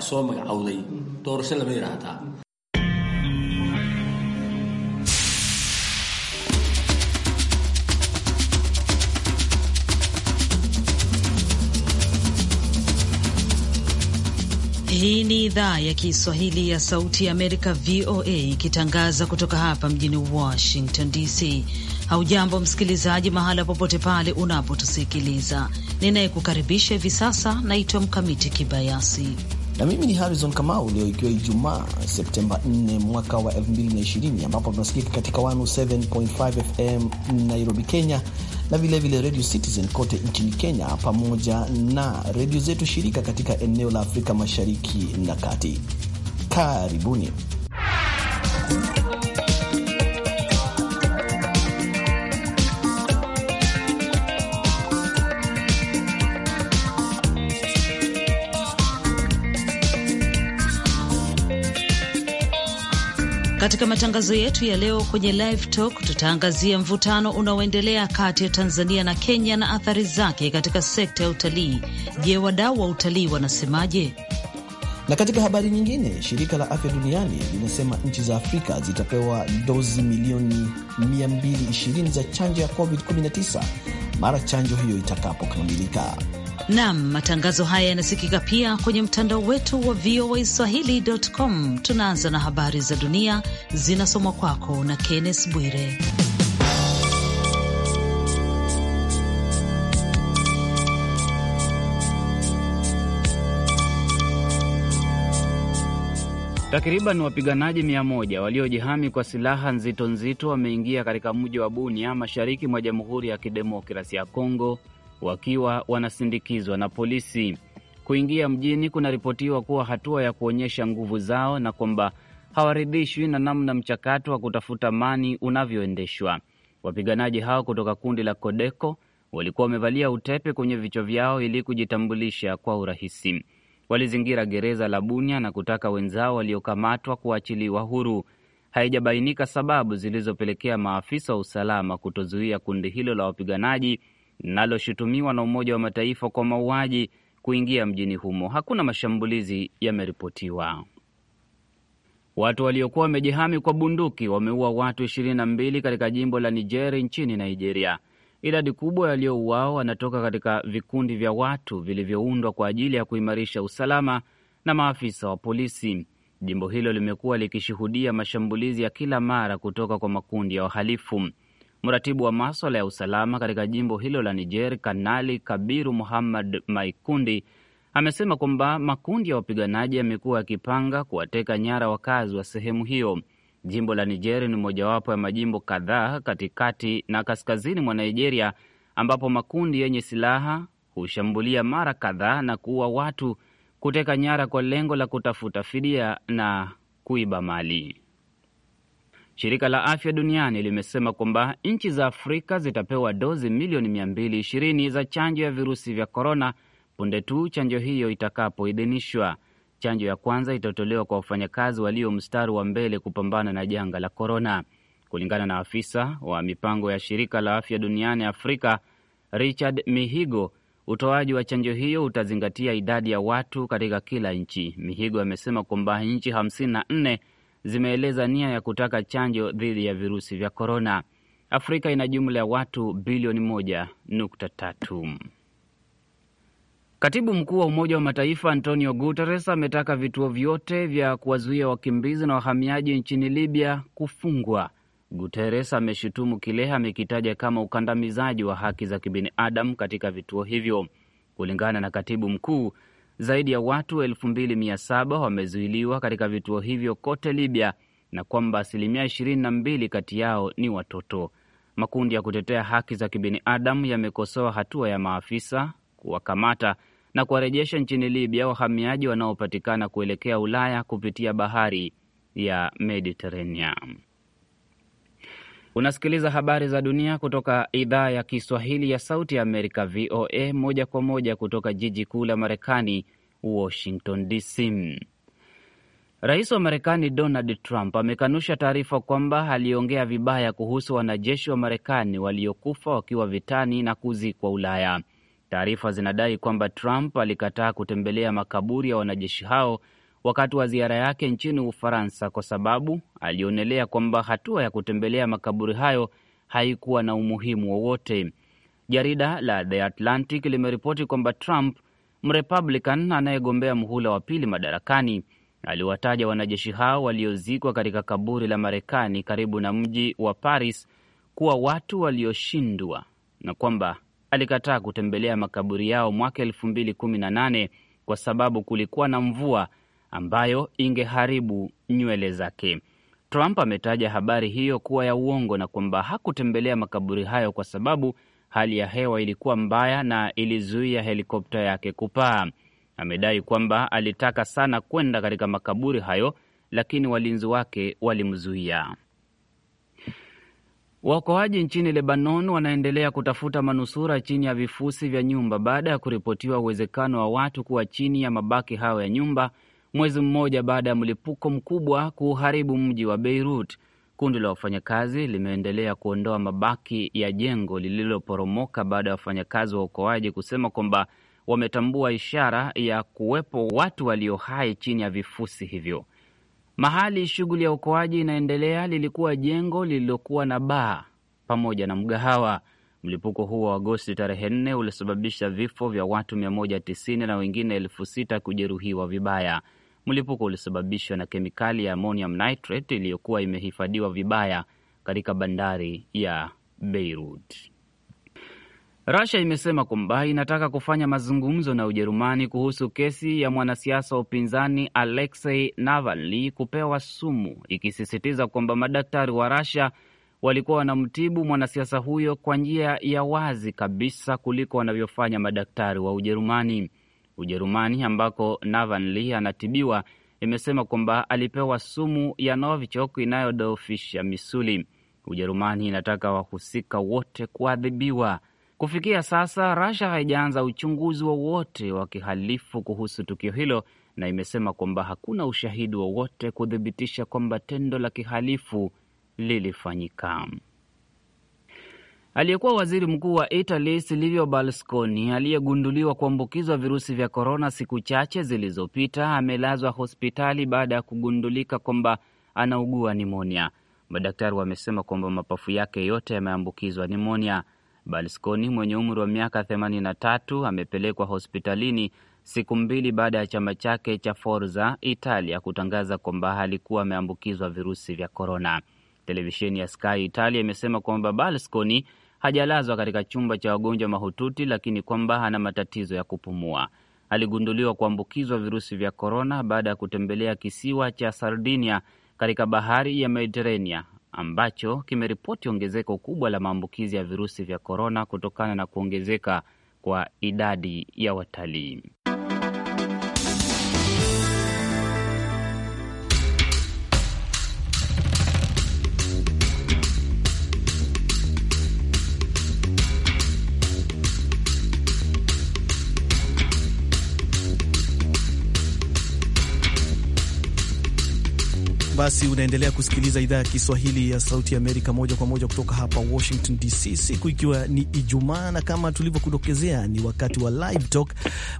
soo magacowday doorasho lama yiraahdaa Hii ni idhaa ya Kiswahili ya Sauti ya Amerika, VOA, ikitangaza kutoka hapa mjini Washington DC. Haujambo msikilizaji, mahala popote pale unapotusikiliza. Ninayekukaribisha hivi sasa naitwa Mkamiti Kibayasi na mimi ni Harrison Kamau. Leo ikiwa Ijumaa Septemba 4 mwaka wa 2020, ambapo tunasikika katika 107.5 FM Nairobi, Kenya na vilevile Radio Citizen kote nchini Kenya pamoja na redio zetu shirika katika eneo la Afrika Mashariki na Kati. Karibuni Katika matangazo yetu ya leo kwenye Live Talk tutaangazia mvutano unaoendelea kati ya Tanzania na Kenya na athari zake katika sekta ya utalii. Je, wadau wa utalii wanasemaje? Na katika habari nyingine, shirika la afya duniani linasema nchi za Afrika zitapewa dozi milioni 220 za chanjo ya COVID-19 mara chanjo hiyo itakapokamilika. Nam, matangazo haya yanasikika pia kwenye mtandao wetu wa VOA Swahili.com. Tunaanza na habari za dunia zinasomwa kwako na Kennes Bwire. Takriban wapiganaji mia moja waliojihami kwa silaha nzito nzito wameingia katika mji wa Bunia mashariki mwa Jamhuri ya Kidemokrasi ya Kongo wakiwa wanasindikizwa na polisi. Kuingia mjini kunaripotiwa kuwa hatua ya kuonyesha nguvu zao na kwamba hawaridhishwi na namna mchakato wa kutafuta amani unavyoendeshwa. Wapiganaji hao kutoka kundi la Kodeko walikuwa wamevalia utepe kwenye vichwa vyao ili kujitambulisha kwa urahisi. Walizingira gereza la Bunia na kutaka wenzao waliokamatwa kuachiliwa huru. Haijabainika sababu zilizopelekea maafisa wa usalama kutozuia kundi hilo la wapiganaji linaloshutumiwa na Umoja wa Mataifa kwa mauaji kuingia mjini humo. Hakuna mashambulizi yameripotiwa. Watu waliokuwa wamejihami kwa bunduki wameua watu 22 katika jimbo la Nijeri nchini Nigeria. Idadi kubwa yaliyouawa wanatoka katika vikundi vya watu vilivyoundwa kwa ajili ya kuimarisha usalama na maafisa wa polisi. Jimbo hilo limekuwa likishuhudia mashambulizi ya kila mara kutoka kwa makundi ya wahalifu. Mratibu wa maswala ya usalama katika jimbo hilo la Niger, Kanali Kabiru Muhammad Maikundi amesema kwamba makundi ya wapiganaji yamekuwa yakipanga kuwateka nyara wakazi wa sehemu hiyo. Jimbo la Niger ni mojawapo ya majimbo kadhaa katikati na kaskazini mwa Nigeria ambapo makundi yenye silaha hushambulia mara kadhaa na kuua watu, kuteka nyara kwa lengo la kutafuta fidia na kuiba mali. Shirika la Afya Duniani limesema kwamba nchi za Afrika zitapewa dozi milioni 220 za chanjo ya virusi vya korona punde tu chanjo hiyo itakapoidhinishwa. Chanjo ya kwanza itatolewa kwa wafanyakazi walio mstari wa mbele kupambana na janga la korona. Kulingana na afisa wa mipango ya shirika la afya duniani Afrika Richard Mihigo, utoaji wa chanjo hiyo utazingatia idadi ya watu katika kila nchi. Mihigo amesema kwamba nchi 54 zimeeleza nia ya kutaka chanjo dhidi ya virusi vya korona. Afrika ina jumla ya watu bilioni moja nukta tatu. Katibu mkuu wa Umoja wa Mataifa Antonio Guterres ametaka vituo vyote vya kuwazuia wakimbizi na wahamiaji nchini Libya kufungwa. Guterres ameshutumu kile amekitaja kama ukandamizaji wa haki za kibinadamu katika vituo hivyo. Kulingana na katibu mkuu, zaidi ya watu 2700 wamezuiliwa katika vituo hivyo kote Libya na kwamba asilimia 22 kati yao ni watoto. Makundi ya kutetea haki za kibinadamu yamekosoa hatua ya maafisa kuwakamata na kuwarejesha nchini Libya wahamiaji wanaopatikana kuelekea Ulaya kupitia bahari ya Mediterania. Unasikiliza habari za dunia kutoka idhaa ya Kiswahili ya Sauti ya Amerika, VOA, moja kwa moja kutoka jiji kuu la Marekani, Washington DC. Rais wa Marekani Donald Trump amekanusha taarifa kwamba aliongea vibaya kuhusu wanajeshi wa Marekani waliokufa wakiwa vitani na kuzikwa Ulaya. Taarifa zinadai kwamba Trump alikataa kutembelea makaburi ya wanajeshi hao wakati wa ziara yake nchini Ufaransa kwa sababu alionelea kwamba hatua ya kutembelea makaburi hayo haikuwa na umuhimu wowote. Jarida la The Atlantic limeripoti kwamba Trump Mrepublican anayegombea muhula wa pili madarakani aliwataja wanajeshi hao waliozikwa katika kaburi la Marekani karibu na mji wa Paris kuwa watu walioshindwa na kwamba alikataa kutembelea makaburi yao mwaka elfu mbili kumi na nane kwa sababu kulikuwa na mvua ambayo ingeharibu nywele zake. Trump ametaja habari hiyo kuwa ya uongo na kwamba hakutembelea makaburi hayo kwa sababu hali ya hewa ilikuwa mbaya na ilizuia helikopta yake kupaa. Amedai kwamba alitaka sana kwenda katika makaburi hayo, lakini walinzi wake walimzuia. Waokoaji nchini Lebanon wanaendelea kutafuta manusura chini ya vifusi vya nyumba baada ya kuripotiwa uwezekano wa watu kuwa chini ya mabaki hayo ya nyumba, mwezi mmoja baada ya mlipuko mkubwa kuuharibu mji wa Beirut. Kundi la wafanyakazi limeendelea kuondoa mabaki ya jengo lililoporomoka baada ya wafanyakazi wa uokoaji kusema kwamba wametambua ishara ya kuwepo watu walio hai chini ya vifusi hivyo. Mahali shughuli ya uokoaji inaendelea lilikuwa jengo lililokuwa na baa pamoja na mgahawa. Mlipuko huo wa Agosti tarehe 4 ulisababisha vifo vya watu 190 na wengine elfu sita kujeruhiwa vibaya. Mlipuko ulisababishwa na kemikali ya ammonium nitrate iliyokuwa imehifadhiwa vibaya katika bandari ya Beirut. rasia imesema kwamba inataka kufanya mazungumzo na Ujerumani kuhusu kesi ya mwanasiasa wa upinzani Alexei Navalny kupewa sumu, ikisisitiza kwamba madaktari wa Russia walikuwa wanamtibu mwanasiasa huyo kwa njia ya wazi kabisa kuliko wanavyofanya madaktari wa Ujerumani. Ujerumani ambako Navan anatibiwa imesema kwamba alipewa sumu ya Novichok inayodhoofisha misuli. Ujerumani inataka wahusika wote kuadhibiwa. Kufikia sasa, Rasha haijaanza uchunguzi wowote wa kihalifu kuhusu tukio hilo na imesema kwamba hakuna ushahidi wowote kuthibitisha kwamba tendo la kihalifu lilifanyika. Aliyekuwa waziri mkuu wa Italy Silvio Berlusconi, aliyegunduliwa kuambukizwa virusi vya korona siku chache zilizopita, amelazwa hospitali baada ya kugundulika kwamba anaugua nimonia. Madaktari wamesema kwamba mapafu yake yote yameambukizwa nimonia. Berlusconi mwenye umri wa miaka 83 amepelekwa hospitalini siku mbili baada ya chama chake cha Forza Italia kutangaza kwamba alikuwa ameambukizwa virusi vya korona. Televisheni ya Sky Italia imesema kwamba Berlusconi hajalazwa katika chumba cha wagonjwa mahututi, lakini kwamba ana matatizo ya kupumua. Aligunduliwa kuambukizwa virusi vya korona baada ya kutembelea kisiwa cha Sardinia katika bahari ya Mediterania ambacho kimeripoti ongezeko kubwa la maambukizi ya virusi vya korona kutokana na kuongezeka kwa idadi ya watalii. basi unaendelea kusikiliza idhaa ya Kiswahili ya Sauti Amerika moja kwa moja kutoka hapa Washington DC, siku ikiwa ni Ijumaa, na kama tulivyokudokezea ni wakati wa Live Talk,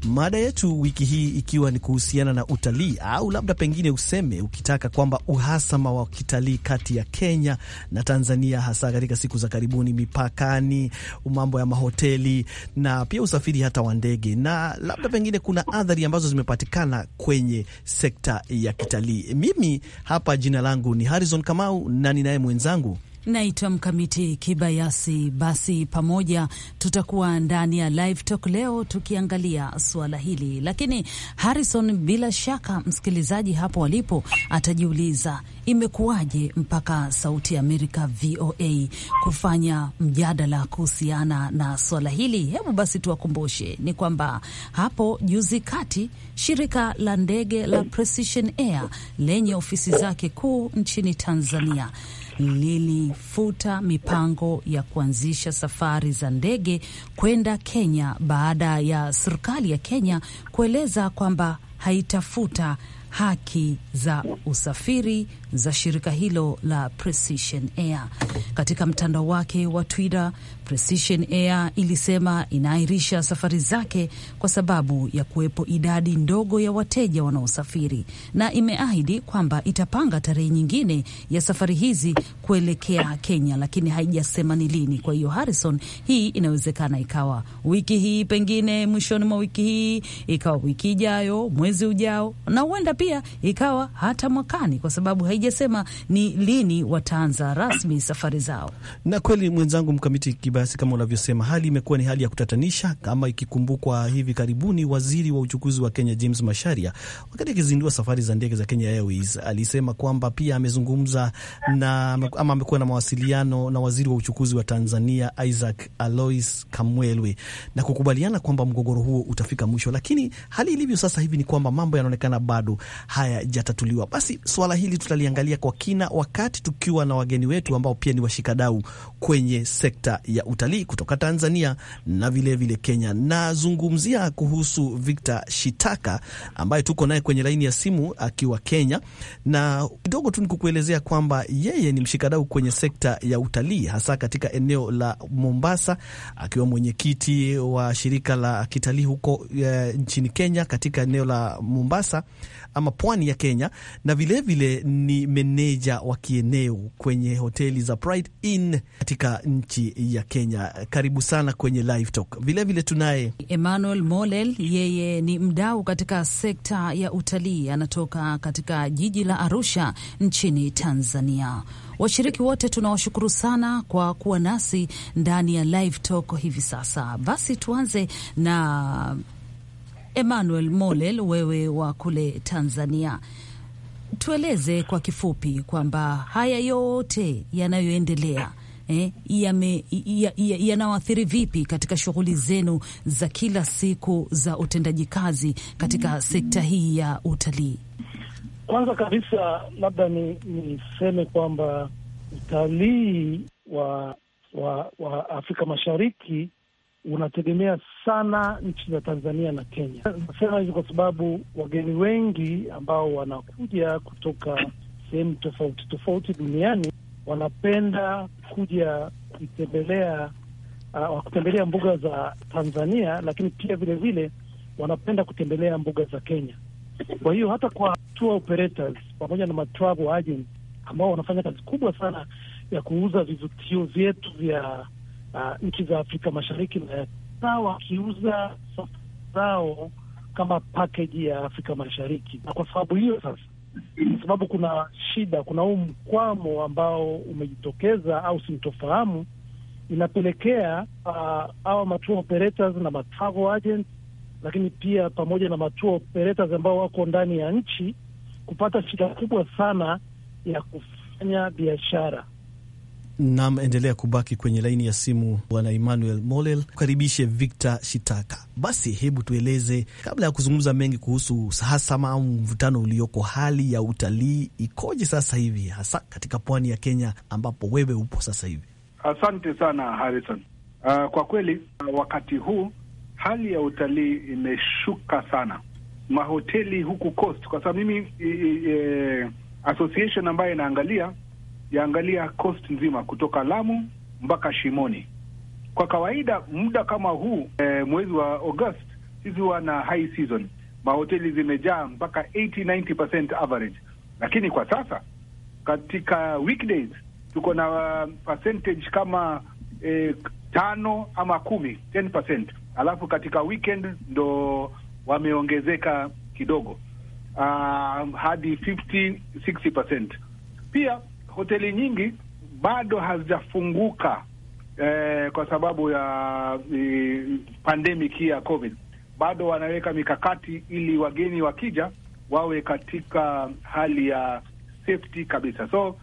mada yetu wiki hii ikiwa ni kuhusiana na utalii, au labda pengine useme ukitaka kwamba uhasama wa kitalii kati ya Kenya na Tanzania, hasa katika siku za karibuni, mipakani, mambo ya mahoteli na pia usafiri hata wa ndege, na labda pengine kuna adhari ambazo zimepatikana kwenye sekta ya kitalii. Mimi hapa hapa jina langu ni Harrison Kamau na ninaye mwenzangu Naitwa Mkamiti Kibayasi. Basi pamoja tutakuwa ndani ya Live Talk leo tukiangalia suala hili, lakini Harrison, bila shaka msikilizaji hapo alipo atajiuliza imekuwaje mpaka Sauti ya Amerika VOA kufanya mjadala kuhusiana na suala hili. Hebu basi tuwakumbushe ni kwamba hapo juzi kati shirika la ndege la Precision Air lenye ofisi zake kuu nchini Tanzania lilifuta mipango ya kuanzisha safari za ndege kwenda Kenya baada ya serikali ya Kenya kueleza kwamba haitafuta haki za usafiri za shirika hilo la Precision Air. Katika mtandao wake wa Twitter, Precision Air ilisema inaahirisha safari zake kwa sababu ya kuwepo idadi ndogo ya wateja wanaosafiri na imeahidi kwamba itapanga tarehe nyingine ya safari hizi kuelekea Kenya, lakini haijasema ni lini. Kwa hiyo Harrison, hii inawezekana ikawa wiki hii, pengine mwishoni mwa wiki hii, ikawa wiki ijayo, mwezi ujao, na huenda pia ikawa hata mwakani, kwa sababu haijasema ni lini wataanza rasmi safari zao. Na kweli mwenzangu mkamiti kiba basi, kama unavyosema, hali imekuwa ni hali ya kutatanisha, kama ikikumbukwa hivi karibuni waziri wa uchukuzi wa Kenya James Masharia, wakati akizindua safari za ndege za Kenya Airways, alisema kwamba pia amezungumza na ama amekuwa na mawasiliano na waziri wa uchukuzi wa Tanzania Isaac Alois Kamwelwe na kukubaliana kwamba mgogoro huo utafika mwisho, lakini hali ilivyo sasa hivi ni kwamba mambo yanaonekana bado hayajatatuliwa. Basi swala hili tutaliangalia kwa kina wakati tukiwa na wageni wetu ambao pia ni washikadau kwenye sekta ya utalii kutoka Tanzania na vilevile vile Kenya. Nazungumzia kuhusu Victor Shitaka ambaye tuko naye kwenye laini ya simu akiwa Kenya, na kidogo tu nikukuelezea kwamba yeye ni mshikadau kwenye sekta ya utalii hasa katika eneo la Mombasa, akiwa mwenyekiti wa shirika la kitalii huko eh, nchini Kenya katika eneo la Mombasa ama pwani ya Kenya, na vilevile vile ni meneja wa kieneo kwenye hoteli za Pride Inn katika nchi ya Kenya. Karibu sana kwenye Live Talk. Vilevile tunaye Emmanuel Molel, yeye ni mdau katika sekta ya utalii, anatoka katika jiji la Arusha nchini Tanzania. Washiriki wote tunawashukuru sana kwa kuwa nasi ndani ya Live Talk hivi sasa. Basi tuanze na Emmanuel Molel, wewe wa kule Tanzania, tueleze kwa kifupi kwamba haya yote yanayoendelea eh, yanawathiri ya, ya, ya vipi katika shughuli zenu za kila siku za utendaji kazi katika sekta hii ya utalii? Kwanza kabisa labda niseme ni kwamba utalii wa, wa, wa Afrika Mashariki unategemea sana nchi za Tanzania na Kenya. Nasema hivi kwa sababu wageni wengi ambao wanakuja kutoka sehemu tofauti tofauti duniani wanapenda kuja kuitembelea uh, kutembelea mbuga za Tanzania, lakini pia vilevile wanapenda kutembelea mbuga za Kenya. Kwa hiyo hata kwa tour operators pamoja na matravel agents ambao wanafanya kazi kubwa sana ya kuuza vivutio vyetu vya uh, nchi za Afrika Mashariki na wakiuza sofa zao kama pakeji ya Afrika Mashariki. Na kwa sababu hiyo sasa, kwa sababu kuna shida, kuna huu mkwamo ambao umejitokeza au sintofahamu, inapelekea uh, hawa matour operators na matravel agent, lakini pia pamoja na matua operators ambao wako ndani ya nchi kupata shida kubwa sana ya kufanya biashara. Nam, endelea kubaki kwenye laini ya simu Bwana Emmanuel Molel, ukaribishe Victor Shitaka. Basi hebu tueleze, kabla ya kuzungumza mengi kuhusu uhasama au mvutano ulioko, hali ya utalii ikoje sasa hivi, hasa katika pwani ya Kenya ambapo wewe upo sasa hivi? Asante sana Harrison. Uh, kwa kweli ah, wakati huu hali ya utalii imeshuka sana, mahoteli huku coast, kwa sababu mimi e, e, association ambayo inaangalia yaangalia coast nzima kutoka Lamu mpaka Shimoni. Kwa kawaida muda kama huu e, mwezi wa August sisi huwa na high season, mahoteli zimejaa mpaka 80 90% average, lakini kwa sasa katika weekdays tuko na uh, percentage kama e, tano ama kumi 10%, alafu katika weekend ndo wameongezeka kidogo uh, hadi 50 60%. Pia hoteli nyingi bado hazijafunguka eh, kwa sababu ya eh, pandemic hii ya COVID. Bado wanaweka mikakati ili wageni wakija wawe katika hali ya safety kabisa. So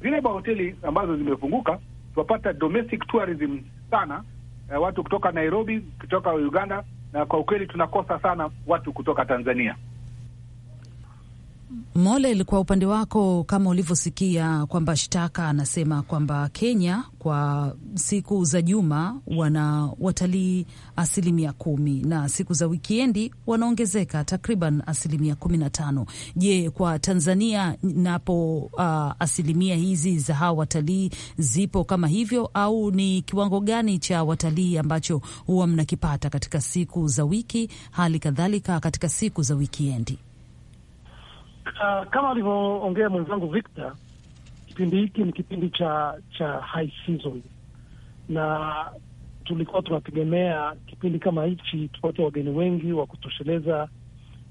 zile mahoteli ambazo zimefunguka tunapata domestic tourism sana, eh, watu kutoka Nairobi, kutoka Uganda, na kwa ukweli tunakosa sana watu kutoka Tanzania. Molel, kwa upande wako, kama ulivyosikia kwamba shtaka anasema kwamba Kenya kwa siku za juma wana watalii asilimia kumi na siku za wikiendi wanaongezeka takriban asilimia kumi na tano. Je, kwa Tanzania napo uh, asilimia hizi za hawa watalii zipo kama hivyo au ni kiwango gani cha watalii ambacho huwa mnakipata katika siku za wiki, hali kadhalika katika siku za wikiendi? uh, kama alivyoongea mwenzangu Victor, kipindi hiki ni kipindi cha cha high season, na tulikuwa tunategemea kipindi kama hichi tupate wageni wengi wa kutosheleza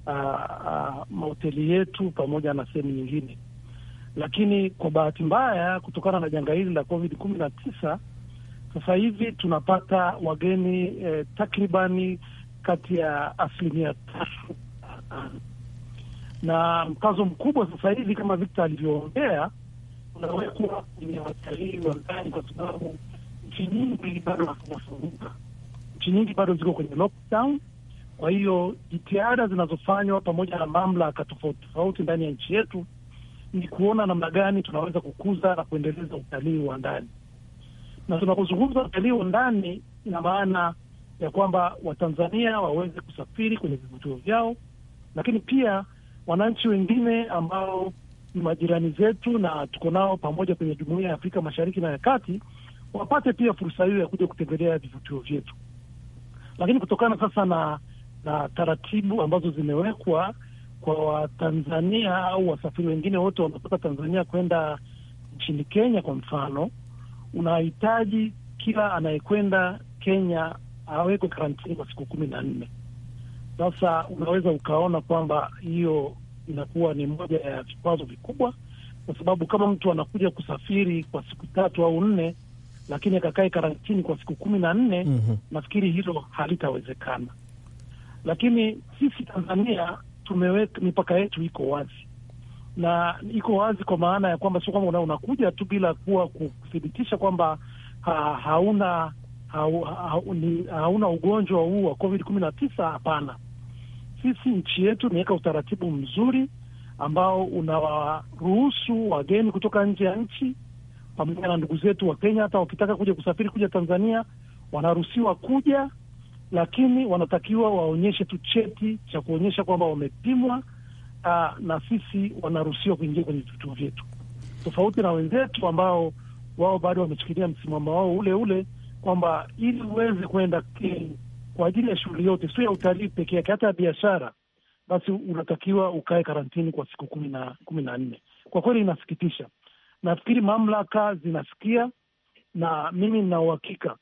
uh, uh, mahoteli yetu pamoja na sehemu nyingine, lakini kwa bahati mbaya, kutokana na janga hili la COVID kumi na tisa sasa hivi tunapata wageni eh, takribani kati ya asilimia tatu na mkazo mkubwa sasa hivi kama Victor alivyoongea unawekwa kwenye watalii wa ndani, kwa sababu nchi nyingi bado hazijafunguka, nchi nyingi bado ziko kwenye lockdown. Kwa hiyo jitihada zinazofanywa pamoja na mamlaka tofauti tofauti ndani ya nchi yetu ni kuona namna gani tunaweza kukuza na kuendeleza utalii wa ndani, na tunapozungumza utalii wa ndani, ina maana ya kwamba Watanzania waweze kusafiri kwenye vivutio vyao, lakini pia wananchi wengine ambao ni majirani zetu na tuko nao pamoja kwenye jumuiya ya Afrika Mashariki na ya Kati wapate pia fursa hiyo ya kuja kutembelea vivutio vyetu. Lakini kutokana sasa na na taratibu ambazo zimewekwa kwa Watanzania au wasafiri wengine wote wanaotoka Tanzania kwenda nchini Kenya, kwa mfano, unahitaji kila anayekwenda Kenya awekwe karantini kwa siku kumi na nne. Sasa unaweza ukaona kwamba hiyo inakuwa ni moja ya vikwazo vikubwa, kwa sababu kama mtu anakuja kusafiri kwa siku tatu au nne, lakini akakae karantini kwa siku kumi na nne mm -hmm. nafikiri hilo halitawezekana. Lakini sisi Tanzania tumeweka mipaka yetu iko wazi na iko wazi kwa maana ya kwamba sio kwamba unakuja tu bila kuwa kuthibitisha kwamba ha, hauna ha, ha, hauna ugonjwa huu wa COVID kumi na tisa. Hapana, sisi nchi yetu imeweka utaratibu mzuri ambao unawaruhusu wageni kutoka nje ya nchi pamoja na ndugu zetu wa Kenya, hata wakitaka kuja kusafiri kuja Tanzania wanaruhusiwa kuja, lakini wanatakiwa waonyeshe tu cheti cha kuonyesha kwamba wamepimwa, ah, na sisi wanaruhusiwa kuingia kwenye vituo vyetu, tofauti na wenzetu ambao wao bado wamechukilia msimamo wao ule ule kwamba ili uweze kwenda Kenya kwa ajili ya shughuli yote, sio ya utalii peke yake, hata ya biashara, basi unatakiwa ukae karantini kwa siku kumi na kumi na nne. Kwa kweli inasikitisha. Nafikiri mamlaka zinasikia, na mimi nina uhakika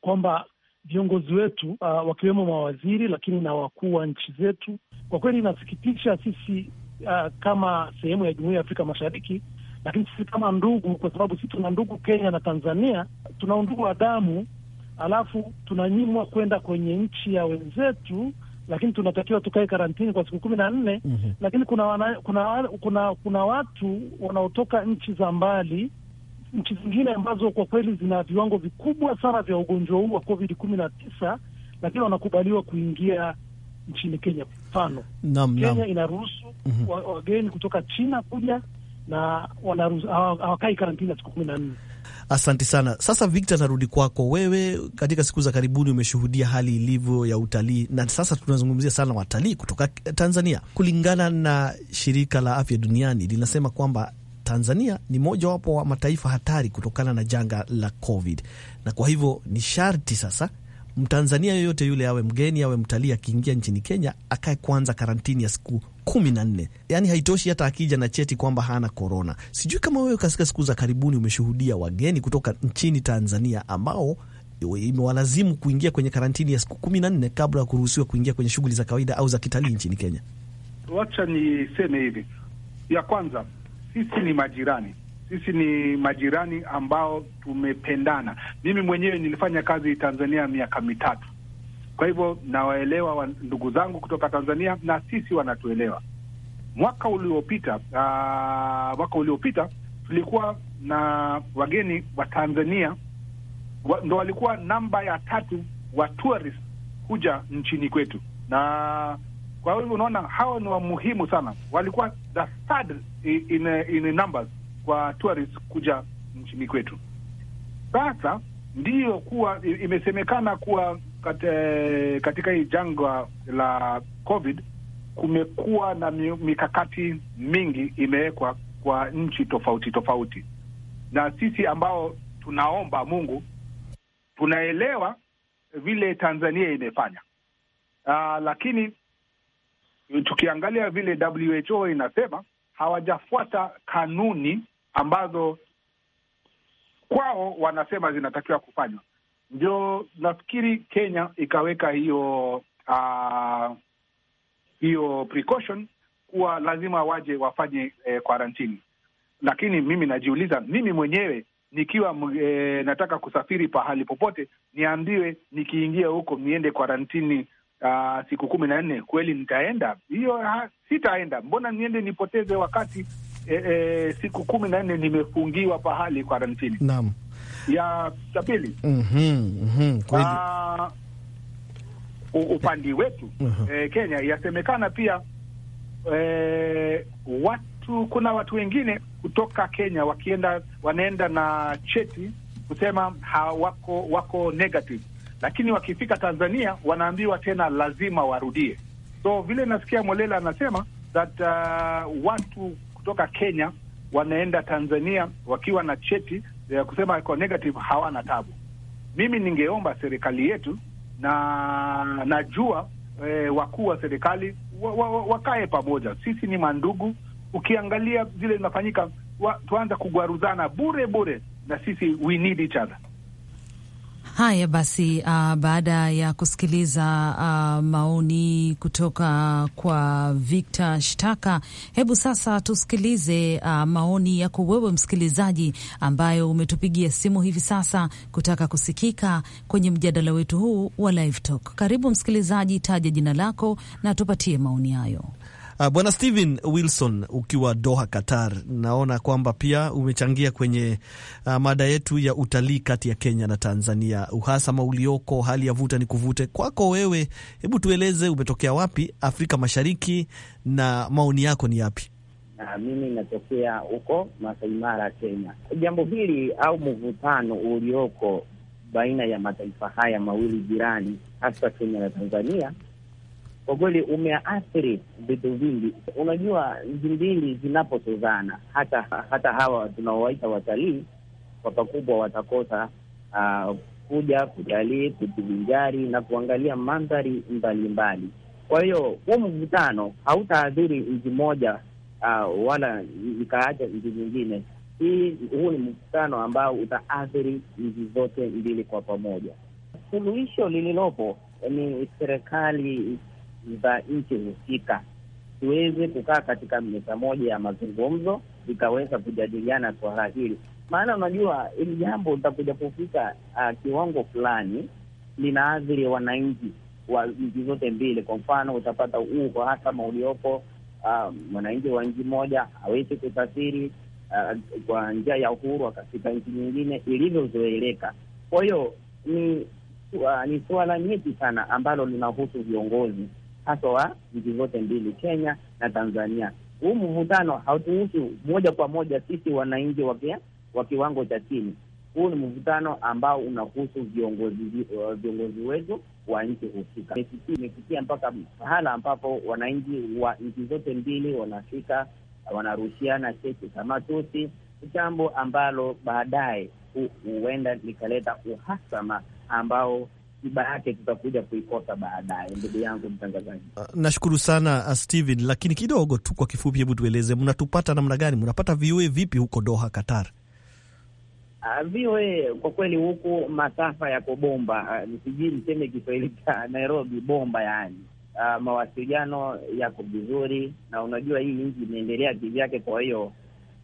kwamba viongozi wetu uh, wakiwemo mawaziri, lakini na wakuu wa nchi zetu, kwa kweli inasikitisha sisi uh, kama sehemu ya jumuiya ya Afrika Mashariki, lakini sisi kama ndugu, kwa sababu sisi tuna ndugu Kenya na Tanzania, tuna undugu wa damu alafu tunanyimwa kwenda kwenye nchi ya wenzetu, lakini tunatakiwa tukae karantini kwa siku kumi na nne. mm -hmm. Lakini kuna, wana, kuna, kuna, kuna watu wanaotoka nchi za mbali, nchi zingine ambazo kwa kweli zina viwango vikubwa sana vya ugonjwa huu wa COVID kumi na tisa, lakini wanakubaliwa kuingia nchini Kenya. Mfano Kenya inaruhusu mm -hmm. wageni kutoka China kuja na hawakai karantini siku kumi na nne. Asante sana. Sasa Victor, narudi kwako wewe. Katika siku za karibuni umeshuhudia hali ilivyo ya utalii, na sasa tunazungumzia sana watalii kutoka Tanzania. Kulingana na shirika la afya duniani linasema kwamba Tanzania ni mojawapo wa mataifa hatari kutokana na janga la COVID, na kwa hivyo ni sharti sasa Mtanzania yoyote yule awe mgeni awe mtalii akiingia nchini Kenya akae kwanza karantini ya siku kumi na nne. Yani haitoshi hata akija na cheti kwamba hana korona. Sijui kama wewe katika siku za karibuni umeshuhudia wageni kutoka nchini Tanzania ambao imewalazimu kuingia kwenye karantini ya siku kumi na nne kabla ya kuruhusiwa kuingia kwenye shughuli za kawaida au za kitalii nchini Kenya. Wacha niseme hivi, ya kwanza, sisi ni majirani, sisi ni majirani ambao tumependana. Mimi mwenyewe nilifanya kazi Tanzania miaka mitatu kwa hivyo nawaelewa ndugu zangu kutoka Tanzania na sisi wanatuelewa. Mwaka uliopita uh, mwaka uliopita tulikuwa na wageni wa Tanzania wa, ndo walikuwa namba ya tatu wa tourist kuja nchini kwetu, na kwa hivyo unaona hawa ni wamuhimu sana, walikuwa the third in, in numbers kwa tourist kuja nchini kwetu. Sasa ndiyo kuwa imesemekana kuwa kate, katika hii jangwa la COVID kumekuwa na mikakati mingi imewekwa kwa nchi tofauti tofauti, na sisi ambao tunaomba Mungu tunaelewa vile Tanzania imefanya. Aa, ah, lakini tukiangalia vile WHO inasema hawajafuata kanuni ambazo kwao wanasema zinatakiwa kufanywa ndio nafikiri Kenya ikaweka hiyo uh, hiyo precaution kuwa lazima waje wafanye karantini eh, lakini mimi najiuliza mimi mwenyewe nikiwa e, nataka kusafiri pahali popote, niambiwe nikiingia huko niende karantini ah, siku kumi na nne, kweli nitaenda hiyo? Ah, sitaenda. Mbona niende nipoteze wakati e, e, siku kumi na nne nimefungiwa pahali karantini? Naam ya sabini mm -hmm, mm -hmm, kweli. upande wetu uh-huh. eh, Kenya yasemekana pia eh, watu kuna watu wengine kutoka Kenya wakienda wanaenda na cheti kusema hawako wako negative, lakini wakifika Tanzania wanaambiwa tena lazima warudie. So vile nasikia molela anasema that uh, watu kutoka Kenya wanaenda Tanzania wakiwa na cheti ya eh, kusema iko negative hawana tabu. Mimi ningeomba serikali yetu na najua e, wakuu wa serikali wa, wa, wa, wakae pamoja, sisi ni mandugu. Ukiangalia zile zinafanyika tuanza kugwaruzana bure bure, na sisi we need each other. Haya basi, uh, baada ya kusikiliza uh, maoni kutoka kwa Victor Shtaka, hebu sasa tusikilize uh, maoni yako wewe msikilizaji, ambayo umetupigia simu hivi sasa kutaka kusikika kwenye mjadala wetu huu wa Live Talk. Karibu msikilizaji, taja jina lako na tupatie maoni hayo. Uh, Bwana Steven Wilson ukiwa Doha, Qatar, naona kwamba pia umechangia kwenye uh, mada yetu ya utalii kati ya Kenya na Tanzania, uhasama ulioko, hali ya vuta ni kuvute. Kwako wewe, hebu tueleze umetokea wapi Afrika Mashariki na maoni yako ni yapi? Uh, mimi natokea huko Masai Mara, Kenya. Jambo hili au mvutano ulioko baina ya mataifa haya mawili jirani, hasa Kenya na Tanzania, kwa kweli umeathiri vitu vingi. Unajua, nchi mbili zinapotozana, hata hata hawa tunaowaita watalii kwa pakubwa watakosa uh, kuja kutalii, kujivinjari na kuangalia mandhari mbalimbali. Kwa hiyo huu mvutano hautaathiri nchi moja uh, wala ikaacha nchi nyingine. Hii huu ni mvutano ambao utaathiri nchi zote mbili kwa pamoja. Suluhisho lililopo ni serikali za nchi husika tuweze kukaa katika meza moja ya mazungumzo, ikaweza kujadiliana swala hili, maana unajua hili jambo litakuja kufika uh, kiwango fulani linaathiri wananchi wa nchi zote mbili. Kwa mfano, utapata huu kwa hasama uliopo uh, ah, mwananchi wa nchi moja hawezi kusafiri uh, ah, kwa njia ya uhuru katika nchi nyingine ilivyozoeleka. Kwa hiyo ni, uh, ni suala nyeti sana ambalo linahusu viongozi hasa wa nchi zote mbili, Kenya na Tanzania. Huu mvutano hautuhusu moja kwa moja sisi wananchi wa kiwango cha chini. Huu ni mvutano ambao unahusu viongozi uh, viongozi wetu wa nchi husika. Imefikia mpaka mahala ambapo wananchi wa nchi zote mbili wanafika, wanarushiana cheche za matusi, jambo ambalo baadaye huenda likaleta uhasama ambao tiba yake tutakuja kuikosa baadaye, ndugu yangu mtangazaji. Ah, nashukuru sana ah, Steven, lakini kidogo tu kwa kifupi, hebu tueleze mnatupata namna gani? Mnapata VOA vipi huko Doha, Qatar? Ah, VOA kwa kweli huku masafa yako bomba, sijui niseme Kiswahili cha Nairobi bomba, yani Uh, mawasiliano yako vizuri, na unajua hii nchi imeendelea kivyake. Kwa hiyo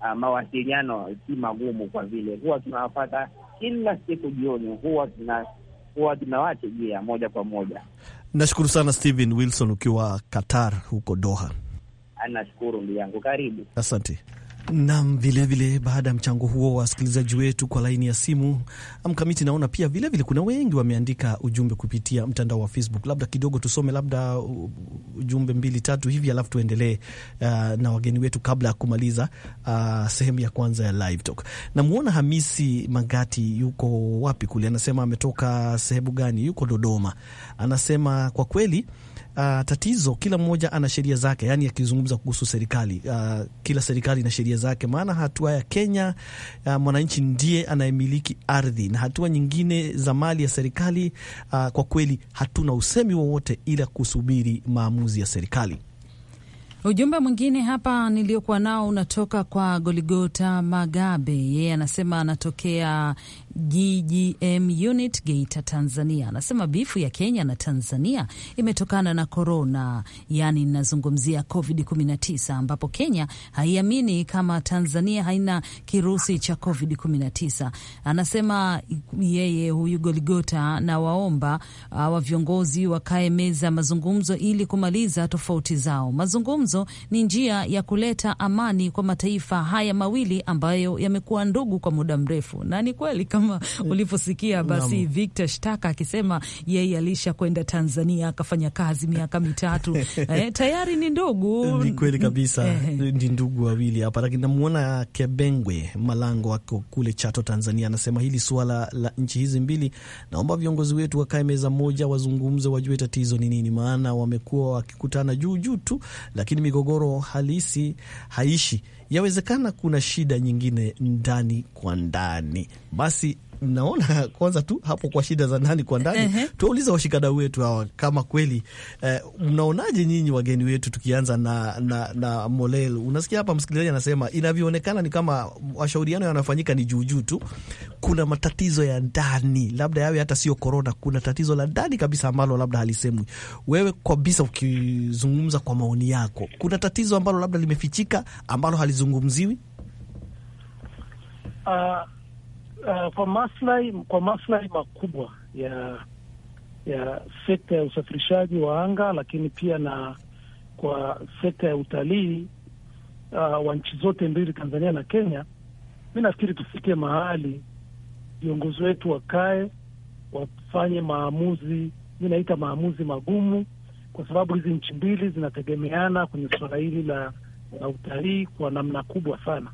uh, mawasiliano si magumu, kwa vile huwa tunawapata kila siku jioni, huwa tuna huwa tunawachejea moja kwa moja. Nashukuru sana Steven Wilson ukiwa Qatar huko Doha. Nashukuru ndugu yangu, karibu. Asante. Nam, vilevile baada ya mchango huo wa wasikilizaji wetu kwa laini ya simu mkamiti, naona pia vilevile vile, kuna wengi wameandika ujumbe kupitia mtandao wa Facebook. Labda kidogo tusome labda uh, ujumbe mbili tatu hivi, alafu tuendelee uh, na wageni wetu kabla ya kumaliza uh, sehemu ya kwanza ya live talk. Namwona Hamisi Magati, yuko wapi kule? Anasema ametoka sehemu gani? Yuko Dodoma. Anasema kwa kweli Uh, tatizo kila mmoja ana sheria zake, yani akizungumza ya kuhusu serikali uh, kila serikali na sheria zake. Maana hatua ya Kenya uh, mwananchi ndiye anayemiliki ardhi na hatua nyingine za mali ya serikali uh, kwa kweli hatuna usemi wowote ila kusubiri maamuzi ya serikali. Ujumbe mwingine hapa niliokuwa nao unatoka kwa Goligota Magabe, yeye anasema anatokea GGM unit Geita, Tanzania, anasema bifu ya Kenya na Tanzania imetokana na korona, yani ninazungumzia COVID 19, ambapo Kenya haiamini kama Tanzania haina kirusi cha COVID 19. Anasema yeye huyu Goligota na waomba uh, wa viongozi wakae meza mazungumzo ili kumaliza tofauti zao. Mazungumzo ni njia ya kuleta amani kwa mataifa haya mawili ambayo yamekuwa ndugu kwa muda mrefu, na ni kweli kama kama eh, ulivyosikia basi Victor Shtaka akisema yeye alisha kwenda Tanzania akafanya kazi miaka mitatu eh, tayari ni ndugu. Ni kweli kabisa eh, eh. ni ndugu wawili hapa, lakini namwona Kebengwe Malango ako kule Chato, Tanzania, anasema hili suala la nchi hizi mbili, naomba viongozi wetu wakae meza moja, wazungumze, wajue tatizo ni nini, maana wamekuwa wakikutana juu juu tu, lakini migogoro halisi haishi yawezekana kuna shida nyingine ndani kwa ndani. Basi naona kwanza tu hapo kwa shida za ndani kwa ndani uh -huh. Tuwauliza washikadau wetu hawa kama kweli eh, mnaonaje nyinyi wageni wetu, tukianza na, na, na Molel. Unasikia hapa msikilizaji anasema inavyoonekana ni kama washauriano yanafanyika ni juujuu tu, kuna matatizo ya ndani, labda yawe hata sio korona, kuna tatizo la ndani kabisa ambalo labda halisemwi. Wewe kabisa ukizungumza kwa maoni yako, kuna tatizo ambalo labda limefichika ambalo halizungumziwi uh uh, kwa maslahi kwa maslahi makubwa ya ya sekta ya usafirishaji wa anga, lakini pia na kwa sekta ya utalii uh, wa nchi zote mbili, Tanzania na Kenya. Mi nafikiri tufike mahali viongozi wetu wakae wafanye maamuzi, mi naita maamuzi magumu, kwa sababu hizi nchi mbili zinategemeana kwenye suala hili la, la utalii kwa namna kubwa sana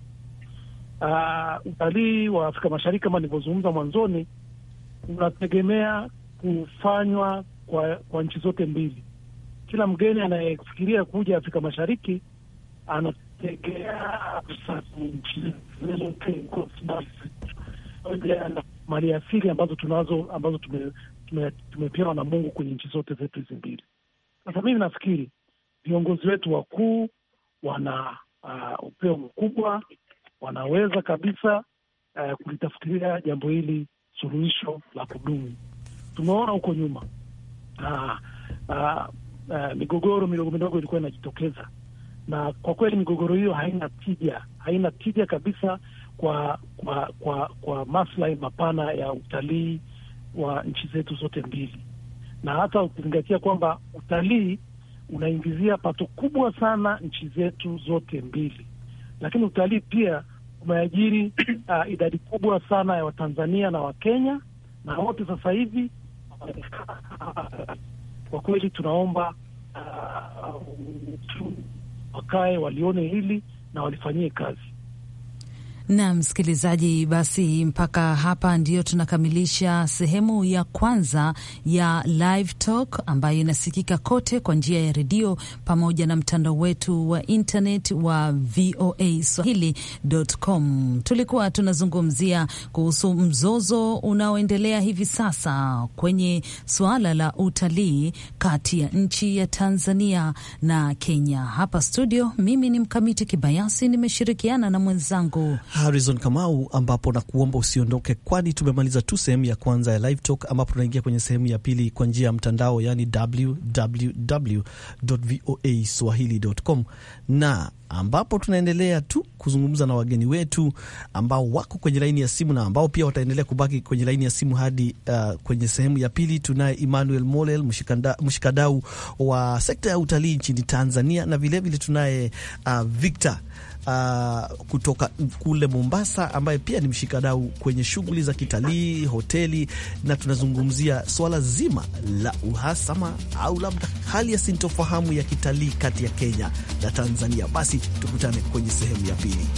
uh, utalii wa Afrika Mashariki kama nilivyozungumza mwanzoni unategemea kufanywa kwa, kwa nchi zote mbili. Kila mgeni anayefikiria kuja Afrika Mashariki anategea mali asili ambazo tunazo ambazo tumepewa tume, tume na Mungu kwenye nchi zote zetu hizi mbili. Sasa mimi nafikiri viongozi wetu wakuu wana uh, upeo mkubwa wanaweza kabisa uh, eh, kulitafutilia jambo hili suluhisho la kudumu. Tumeona huko nyuma uh, uh, uh, migogoro midogo midogo ilikuwa inajitokeza, na kwa kweli migogoro hiyo haina tija, haina tija kabisa kwa kwa kwa, kwa maslahi mapana ya utalii wa nchi zetu zote mbili, na hata ukizingatia kwamba utalii unaingizia pato kubwa sana nchi zetu zote mbili lakini utalii pia umeajiri uh, idadi kubwa sana ya Watanzania na Wakenya na wote sasa hivi uh, kwa kweli tunaomba uh, wakae walione hili na walifanyie kazi na msikilizaji, basi mpaka hapa ndiyo tunakamilisha sehemu ya kwanza ya Live Talk ambayo inasikika kote kwa njia ya redio pamoja na mtandao wetu wa internet wa VOA Swahili.com. Tulikuwa tunazungumzia kuhusu mzozo unaoendelea hivi sasa kwenye suala la utalii kati ya nchi ya Tanzania na Kenya. Hapa studio, mimi ni Mkamiti Kibayasi, nimeshirikiana na mwenzangu Harrison Kamau, ambapo nakuomba usiondoke, kwani tumemaliza tu sehemu ya kwanza ya Live Talk, ambapo tunaingia kwenye sehemu ya pili kwa njia ya mtandao, yaani www.voaswahili.com, na ambapo tunaendelea tu kuzungumza na wageni wetu ambao wako kwenye laini ya simu na ambao pia wataendelea kubaki kwenye laini ya simu hadi uh, kwenye sehemu ya pili. Tunaye Emmanuel Molel, mshikadau wa sekta ya utalii nchini Tanzania, na vilevile tunaye uh, Victor uh, kutoka kule Mombasa, ambaye pia ni mshikadau kwenye shughuli za kitalii, hoteli, na tunazungumzia swala zima la uhasama au labda hali ya sintofahamu ya kitalii kati ya Kenya na Tanzania. Basi tukutane kwenye sehemu ya pili.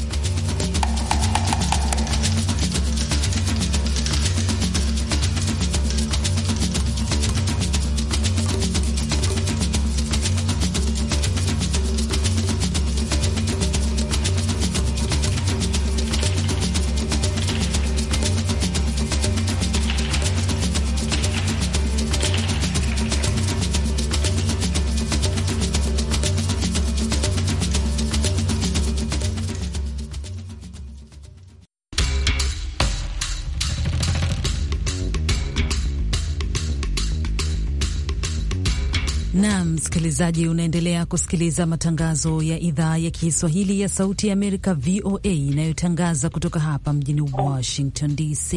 Naam, msikilizaji, unaendelea kusikiliza matangazo ya idhaa ya Kiswahili ya Sauti ya Amerika, VOA, inayotangaza kutoka hapa mjini Washington DC.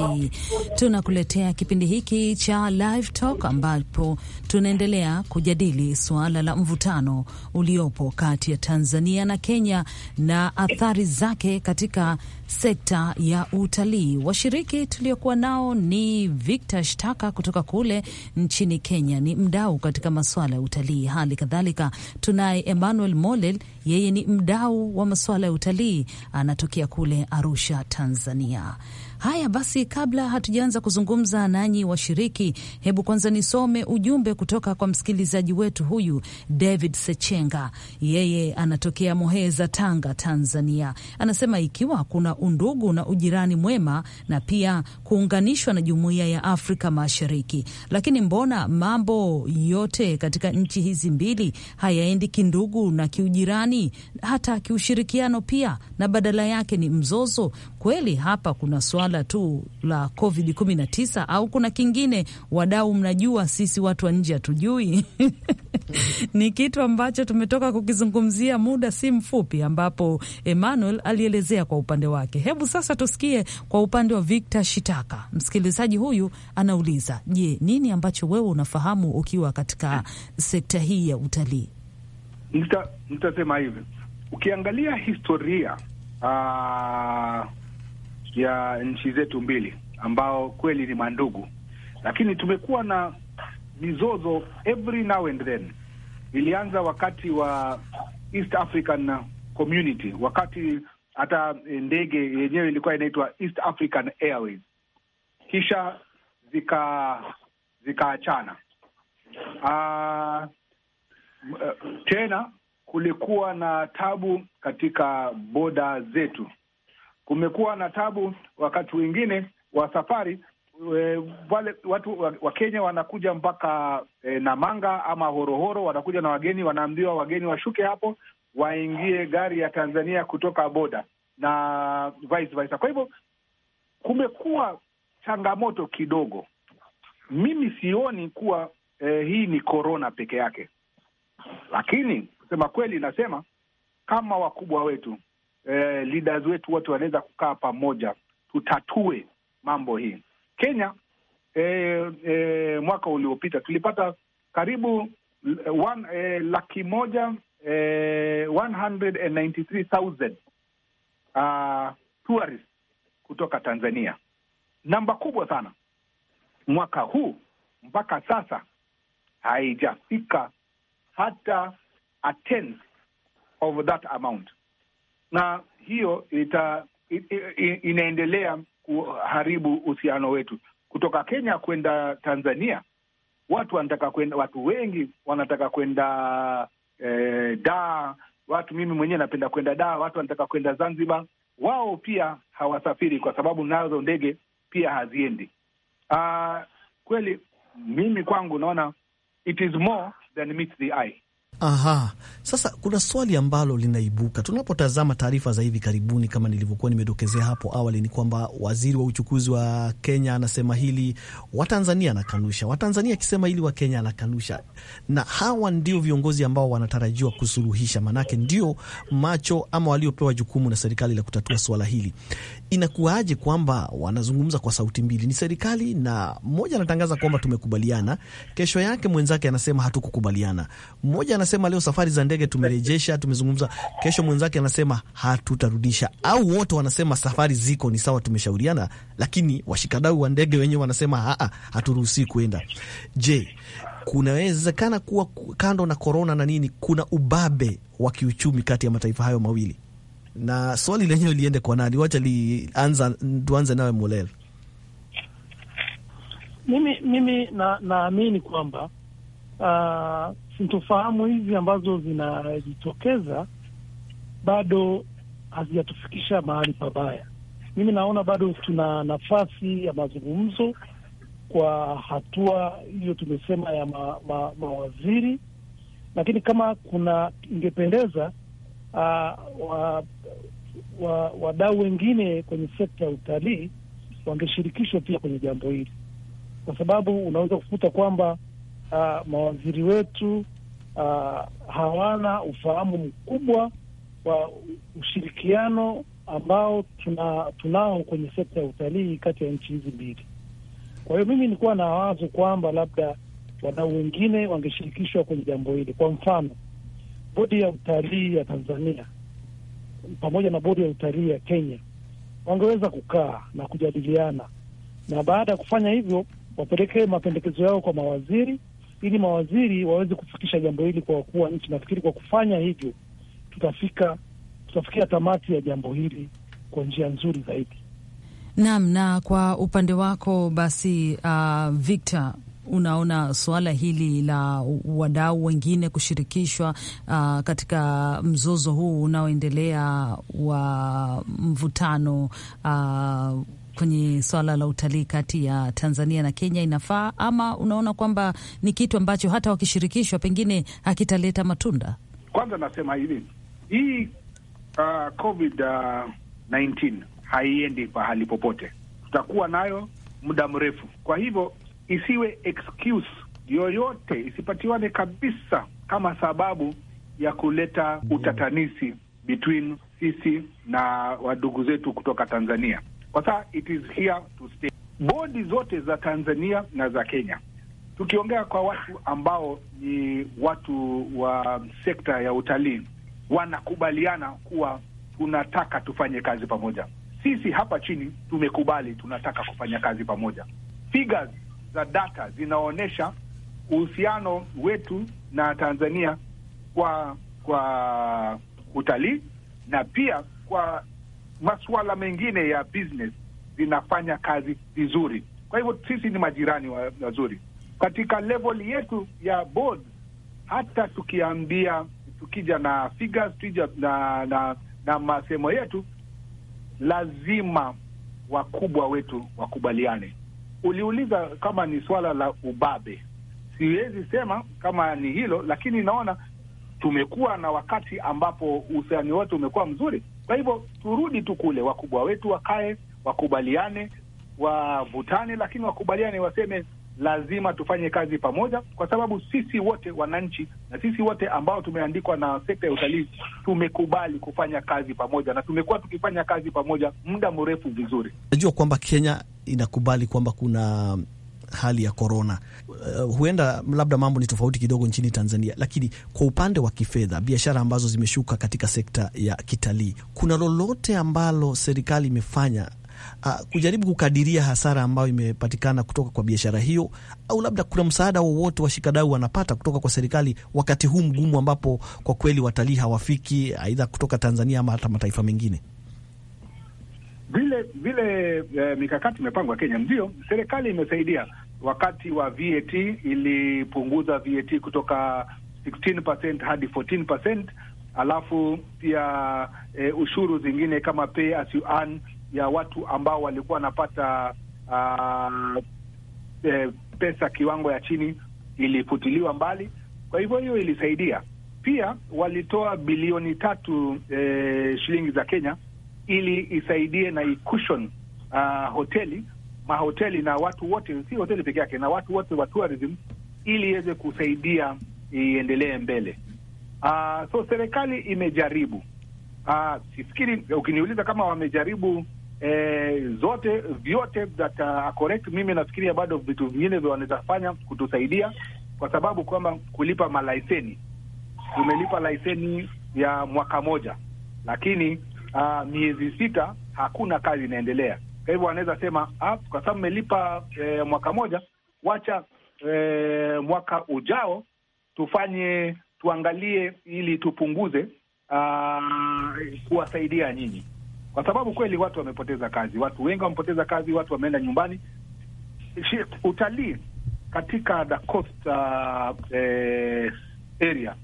Tunakuletea kipindi hiki cha Live Talk ambapo tunaendelea kujadili suala la mvutano uliopo kati ya Tanzania na Kenya na athari zake katika sekta ya utalii. Washiriki tuliokuwa nao ni Victor Shtaka kutoka kule nchini Kenya, ni mdau katika masuala ya utalii. Hali kadhalika tunaye Emmanuel Molel, yeye ni mdau wa masuala ya utalii, anatokea kule Arusha, Tanzania. Haya basi, kabla hatujaanza kuzungumza nanyi washiriki, hebu kwanza nisome ujumbe kutoka kwa msikilizaji wetu huyu David Sechenga, yeye anatokea moheza Tanga, Tanzania. Anasema ikiwa kuna undugu na ujirani mwema na pia kuunganishwa na jumuiya ya Afrika Mashariki, lakini mbona mambo yote katika nchi hizi mbili hayaendi kindugu na kiujirani, hata kiushirikiano pia, na badala yake ni mzozo? Kweli hapa kuna swa swala tu la COVID 19 au kuna kingine? Wadau mnajua, sisi watu wa nje hatujui. Ni kitu ambacho tumetoka kukizungumzia muda si mfupi, ambapo Emmanuel alielezea kwa upande wake. Hebu sasa tusikie kwa upande wa Victor Shitaka. Msikilizaji huyu anauliza, je, nini ambacho wewe unafahamu ukiwa katika sekta hii ya utalii? Nitasema hivi, ukiangalia historia aa ya nchi zetu mbili ambao kweli ni mandugu, lakini tumekuwa na mizozo every now and then. Ilianza wakati wa East African Community, wakati hata ndege yenyewe ilikuwa inaitwa East African Airways, kisha zika zikaachana. Uh, tena kulikuwa na tabu katika boda zetu kumekuwa na tabu wakati wengine wa safari e, wale watu wa, wa Kenya wanakuja mpaka e, Namanga ama Horohoro, wanakuja na wageni, wanaambiwa wageni washuke hapo waingie gari ya Tanzania kutoka boda na vice versa. Kwa hivyo kumekuwa changamoto kidogo. Mimi sioni kuwa e, hii ni korona peke yake, lakini kusema kweli, nasema kama wakubwa wetu eh, leaders wetu wote wanaweza kukaa pamoja, tutatue mambo hii. Kenya eh, eh, mwaka uliopita tulipata karibu eh, one, eh, laki moja eh, 193,000 uh, ah, tourists kutoka Tanzania, namba kubwa sana. Mwaka huu mpaka sasa haijafika hata a tenth of that amount na hiyo ita, inaendelea kuharibu uhusiano wetu. Kutoka Kenya kwenda Tanzania, watu wanataka kwenda, watu wengi wanataka kwenda eh, Daa. Watu mimi mwenyewe napenda kwenda Daa, watu wanataka kwenda Zanzibar. Wao pia hawasafiri kwa sababu nazo ndege pia haziendi. Uh, kweli mimi kwangu naona it is more than meets the eye. Aha. Sasa kuna swali ambalo linaibuka tunapotazama taarifa za hivi karibuni, kama nilivyokuwa nimedokezea hapo awali, ni kwamba waziri wa uchukuzi wa Kenya anasema hili, Watanzania anakanusha, Watanzania akisema hili, Wakenya anakanusha, na hawa ndio viongozi ambao wanatarajiwa kusuluhisha, manake ndio macho ama waliopewa jukumu na serikali la kutatua swala hili inakuwaje kwamba wanazungumza kwa sauti mbili? Ni serikali na mmoja anatangaza kwamba tumekubaliana, kesho yake mwenzake anasema hatukukubaliana. Mmoja anasema leo safari za ndege tumerejesha, tumezungumza, kesho mwenzake anasema hatutarudisha, au wote wanasema safari ziko ni sawa, tumeshauriana, lakini washikadau wa ndege wenyewe wanasema aa ah, ah, haturuhusii kuenda. Je, kunawezekana kuwa kando na korona na nini, kuna ubabe wa kiuchumi kati ya mataifa hayo mawili? na swali lenyewe liende kwa nani? Wacha lianza, tuanze nawe Mulel. Mimi, mimi naamini kwamba uh, sintofahamu hizi ambazo zinajitokeza bado hazijatufikisha mahali pabaya. Mimi naona bado tuna nafasi ya mazungumzo kwa hatua hiyo tumesema ya ma, ma, mawaziri, lakini kama kuna ingependeza uh, wa, wadau wengine kwenye sekta ya utalii wangeshirikishwa pia kwenye jambo hili, kwa sababu unaweza kukuta kwamba uh, mawaziri wetu uh, hawana ufahamu mkubwa wa ushirikiano ambao tuna, tunao kwenye sekta ya utalii kati ya nchi hizi mbili. Kwa hiyo mimi nilikuwa na wazo kwamba labda wadau wengine wangeshirikishwa kwenye jambo hili. Kwa mfano, bodi ya utalii ya Tanzania pamoja na bodi ya utalii ya Kenya wangeweza kukaa na kujadiliana, na baada ya kufanya hivyo wapelekee mapendekezo yao kwa mawaziri ili mawaziri waweze kufikisha jambo hili kwa wakuu wa nchi. Nafikiri kwa kufanya hivyo tutafika tutafikia tamati ya jambo hili kwa njia nzuri zaidi. Naam. Na kwa upande wako basi, uh, Victor unaona suala hili la wadau wengine kushirikishwa uh, katika mzozo huu unaoendelea wa mvutano uh, kwenye swala la utalii kati ya Tanzania na Kenya inafaa ama unaona kwamba ni kitu ambacho hata wakishirikishwa pengine hakitaleta matunda? Kwanza nasema hivi, hii uh, covid uh, 19 haiendi pahali popote, tutakuwa nayo muda mrefu. Kwa hivyo isiwe excuse yoyote, isipatiwane kabisa kama sababu ya kuleta mm-hmm. utatanisi between sisi na wadugu zetu kutoka Tanzania. Kwa sasa it is here to stay. Bodi zote za Tanzania na za Kenya, tukiongea kwa watu ambao ni watu wa sekta ya utalii, wanakubaliana kuwa tunataka tufanye kazi pamoja. Sisi hapa chini tumekubali tunataka kufanya kazi pamoja. Figures za data zinaonyesha uhusiano wetu na Tanzania kwa kwa utalii na pia kwa masuala mengine ya business zinafanya kazi vizuri. Kwa hivyo sisi ni majirani wazuri wa katika level yetu ya board. Hata tukiambia tukija na figures tukija na, na, na masemo yetu lazima wakubwa wetu wakubaliane uliuliza kama ni swala la ubabe. Siwezi sema kama ni hilo, lakini naona tumekuwa na wakati ambapo uhusiani wetu umekuwa mzuri. Kwa hivyo turudi tu kule, wakubwa wetu wakae, wakubaliane, wavutane, lakini wakubaliane, waseme lazima tufanye kazi pamoja, kwa sababu sisi wote wananchi na sisi wote ambao tumeandikwa na sekta ya utalii tumekubali kufanya kazi pamoja, na tumekuwa tukifanya kazi pamoja muda mrefu vizuri. Najua kwamba Kenya inakubali kwamba kuna hali ya korona. Uh, eh, huenda labda mambo ni tofauti kidogo nchini Tanzania, lakini kwa upande wa kifedha, biashara ambazo zimeshuka katika sekta ya kitalii, kuna lolote ambalo serikali imefanya uh, kujaribu kukadiria hasara ambayo imepatikana kutoka kwa biashara hiyo, au labda kuna msaada wowote wa washikadau wanapata kutoka kwa serikali wakati huu mgumu, ambapo kwa kweli watalii hawafiki, aidha kutoka Tanzania ama hata mataifa mengine? Vile vile eh, mikakati imepangwa Kenya. Ndio, serikali imesaidia wakati wa VAT, ilipunguza VAT kutoka 16% hadi 14%, alafu pia e, ushuru zingine kama pay as you earn ya watu ambao walikuwa wanapata uh, eh, pesa kiwango ya chini ilifutiliwa mbali. Kwa hivyo hiyo ilisaidia pia, walitoa bilioni tatu eh, shilingi za Kenya ili isaidie na ikushon uh, hoteli mahoteli na watu wote, si hoteli peke yake, na watu wote wa tourism ili iweze kusaidia iendelee mbele. Uh, so serikali imejaribu Uh, sifikiri ukiniuliza kama wamejaribu eh, zote vyote that uh, correct. Mimi nafikiria bado vitu vingine vyo wanaweza fanya kutusaidia, kwa sababu kwamba kulipa malaiseni, tumelipa laiseni ya mwaka moja, lakini uh, miezi sita hakuna kazi inaendelea. Kwa hivyo wanaweza sema ah, kwa sababu mmelipa eh, mwaka moja, wacha eh, mwaka ujao tufanye tuangalie, ili tupunguze uh, kuwasaidia nyinyi, kwa sababu kweli watu wamepoteza kazi, watu wengi wamepoteza kazi, watu wameenda nyumbani. Utalii katika the coast uh, eh, area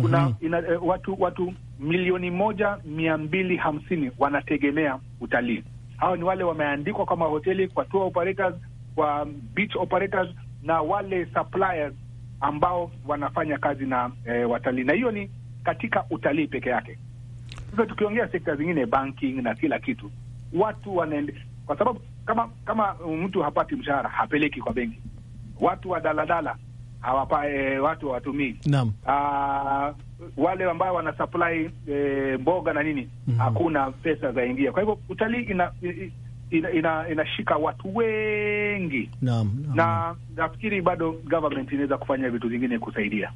kuna mm -hmm. ina, eh, watu watu milioni moja mia mbili hamsini wanategemea utalii. hawa ni wale wameandikwa kwa mahoteli, kwa tour operators, kwa beach operators na wale suppliers ambao wanafanya kazi na eh, watalii, na hiyo ni katika utalii peke yake. Sasa tukiongea sekta zingine, banking na kila kitu, watu wanaende, kwa sababu kama kama mtu hapati mshahara hapeleki kwa benki, watu wa daladala hawapa e, eh, watu hawatumii. Naam, ah, wale ambao wana supply e, mboga na nini mm -hmm. hakuna pesa za ingia, kwa hivyo utalii ina, ina, ina, inashika watu wengi. Naam, naam. na nafikiri bado government inaweza kufanya vitu vingine kusaidia.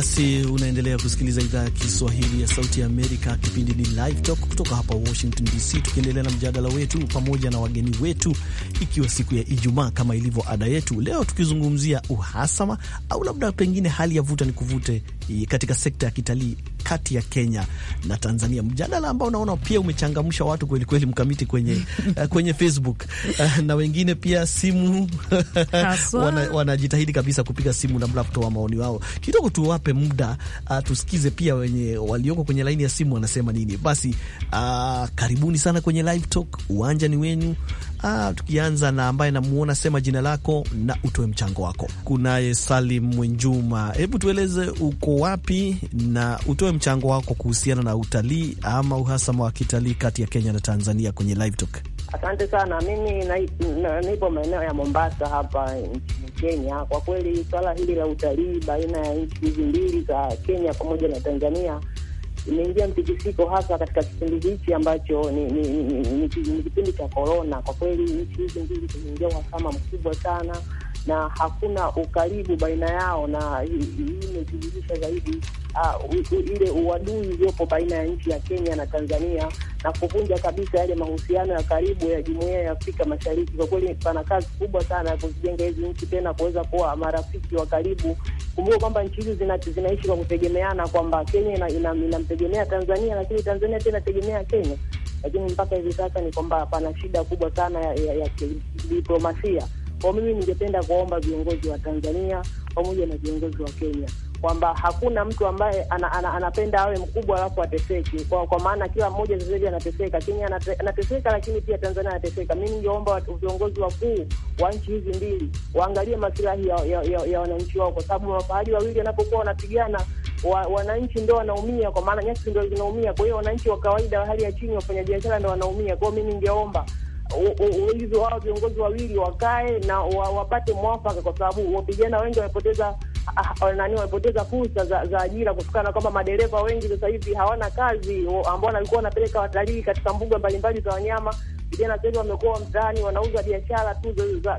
Gracias. basi unaendelea kusikiliza idhaa ya Kiswahili ya Sauti Amerika. Kipindi ni Live Talk kutoka hapa Washington DC, tukiendelea na mjadala wetu pamoja na wageni wetu, ikiwa siku ya Ijumaa kama ilivyo ada yetu, leo tukizungumzia uhasama au labda pengine hali ya vuta ni kuvute katika sekta ya kitalii kati ya Kenya na Tanzania, mjadala ambao unaona pia umechangamsha watu kwelikweli, mkamiti kwenye, eh, kwenye Facebook eh, na wengine pia simu wanajitahidi wana kabisa kupiga simu labda kutoa maoni wao kidogo, tuwape muda uh, tusikize pia wenye walioko kwenye laini ya simu wanasema nini. Basi uh, karibuni sana kwenye live talk, uwanja ni wenu. Uh, tukianza na ambaye namuona, sema jina lako na utoe mchango wako. Kunaye Salim Mwenjuma, hebu tueleze uko wapi na utoe mchango wako kuhusiana na utalii ama uhasama wa kitalii kati ya Kenya na Tanzania kwenye live talk. Asante sana. Mimi nipo maeneo ya Mombasa hapa nchini Kenya. Kwa kweli swala hili la utalii baina ya nchi hizi mbili za Kenya pamoja na Tanzania imeingia mtikisiko, hasa katika kipindi hichi ambacho ni, ni, ni, ni, ni kipindi cha korona. Kwa kweli nchi hizi mbili zimeingia uhasama mkubwa sana na hakuna ukaribu baina yao, na hii imedhihirisha zaidi uh, ile uadui uliopo baina ya nchi ya Kenya na Tanzania na kuvunja kabisa yale mahusiano ya karibu ya jumuiya ya Afrika Mashariki. Kwa kweli pana kazi kubwa sana ya kuzijenga hizi nchi tena kuweza kuwa marafiki wa karibu. Kumbuka kwamba nchi hizi zina, zinaishi kwa kutegemeana, kwamba Kenya inamtegemea Tanzania, lakini Tanzania pia inategemea Kenya. Lakini mpaka hivi sasa ni kwamba pana shida kubwa sana ya, ya, ya, ya diplomasia kwa mimi ningependa kuomba viongozi wa Tanzania pamoja na viongozi wa Kenya kwamba hakuna mtu ambaye ana, ana, anapenda awe mkubwa alafu ateseke, kwa, kwa maana kila mmoja sasa hivi anateseka. Kenya anateseka, lakini pia Tanzania anateseka. Mi ningeomba viongozi wakuu wa nchi hizi mbili waangalie masilahi ya, ya, ya, ya wananchi wao, kwa sababu mafahali wawili wanapokuwa wanapigana wa, wananchi ndo wanaumia, kwa maana nyasi ndo zinaumia. Kwa hiyo wananchi wa kawaida wa hali ya chini, wafanyabiashara ndo wanaumia. Kwa hiyo mi ningeomba hizo wao viongozi wawili wakae na wapate mwafaka, kwa sababu vijana wengi wamepoteza ah, nani, wamepoteza fursa za, za ajira kutokana na kwamba madereva wengi sasa hivi hawana kazi, ambao walikuwa wanapeleka watalii katika mbuga mbalimbali za wanyama. Vijana sasa hivi wamekuwa mtaani, wanauza biashara tu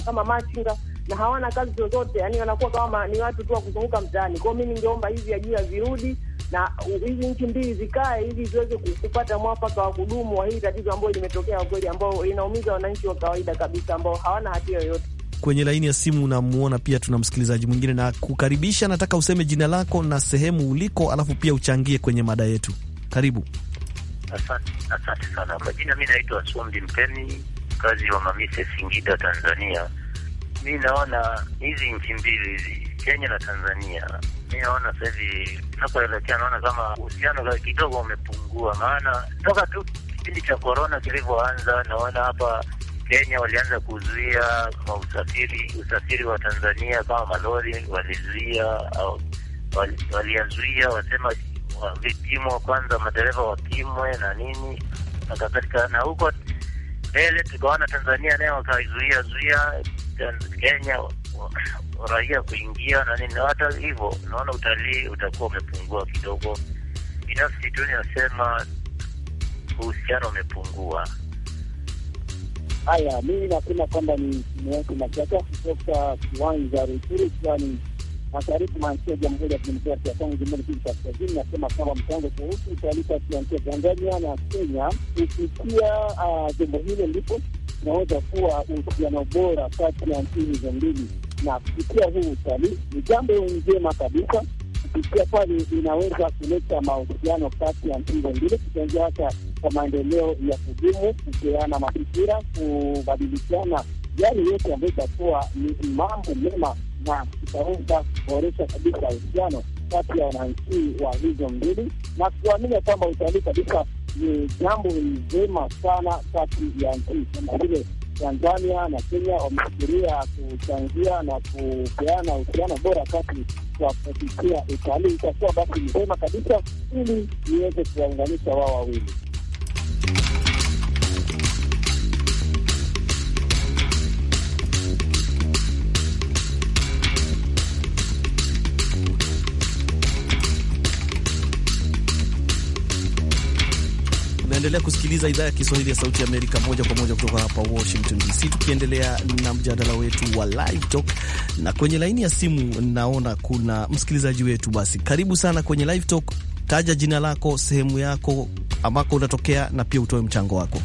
kama machinga na hawana kazi zozote, yani wanakuwa kama ni watu tu wa kuzunguka mtaani. Kwao mi ningeomba hizi ajira zirudi na hizi nchi mbili zikae hivi ziweze kupata mwafaka wa kudumu wa hili tatizo ambayo limetokea kwa kweli, ambayo inaumiza wananchi wa kawaida kabisa ambao hawana hatia yoyote. Kwenye laini ya simu unamuona pia tuna msikilizaji mwingine na kukaribisha, nataka useme jina lako na sehemu uliko, alafu pia uchangie kwenye mada yetu. Karibu. Asante, asante sana kwa jina, mi naitwa Sombi Mtemi, mkazi wa Mamise, Singida, Tanzania. Mi naona hizi nchi mbili hizi Kenya na Tanzania mi naona sasa hivi tunapoelekea, naona kama uhusiano kidogo umepungua, maana toka tu kipindi cha korona kilivyoanza, naona hapa Kenya walianza kuzuia kwa usafiri usafiri wa Tanzania kama malori walizuia, waliyazuia wasema vipimo kwanza, madereva wapimwe na nini na kadhalika, na huko mbele tukaona Tanzania nayo wakaizuia zuia Kenya raia kuingia na nini, hata hivyo naona utalii utakuwa umepungua kidogo. Binafsi tu ninasema uhusiano umepungua. Haya, mimi nasema kwamba ni mwetu mashaka kutoka kiwanja Rutshuru kiwani mashariki mwa nchi ya Jamhuri ya Kidemokrasia ya Kongo, jimboni Kivu Kaskazini. Nasema kwamba mchango kuhusu utalii kati ya nchi ya Tanzania na Kenya kupitia ah, jombo hilo ndipo unaweza kuwa uhusiano bora kati ya nchi hizo mbili na kupitia huu utalii ni jambo njema kabisa. Kupitia pale inaweza kuleta mahusiano kati ya nchi mbili, kuchangia hata kwa maendeleo ya kudumu, kupeana mafikira, kubadilishana yale yaani yote ambayo itakuwa ni mambo mema na itaweza kuboresha kabisa uhusiano kati ya wananchi wa hizo mbili, na kuamini kwamba utalii kabisa ni jambo njema sana kati ya nchi kama vile Tanzania na Kenya wamefikiria kuchangia na kupeana uhusiano bora kati kwa kupitia utalii, itakuwa basi ni vema kabisa, ili iweze kuwaunganisha wao wawili. Unaendelea kusikiliza idhaa ya Kiswahili ya Sauti ya Amerika moja kwa moja kutoka hapa Washington DC, tukiendelea na mjadala wetu wa Live Talk na kwenye laini ya simu naona kuna msikilizaji wetu. Basi karibu sana kwenye Live Talk, taja jina lako, sehemu yako ambako unatokea na pia utoe mchango wako.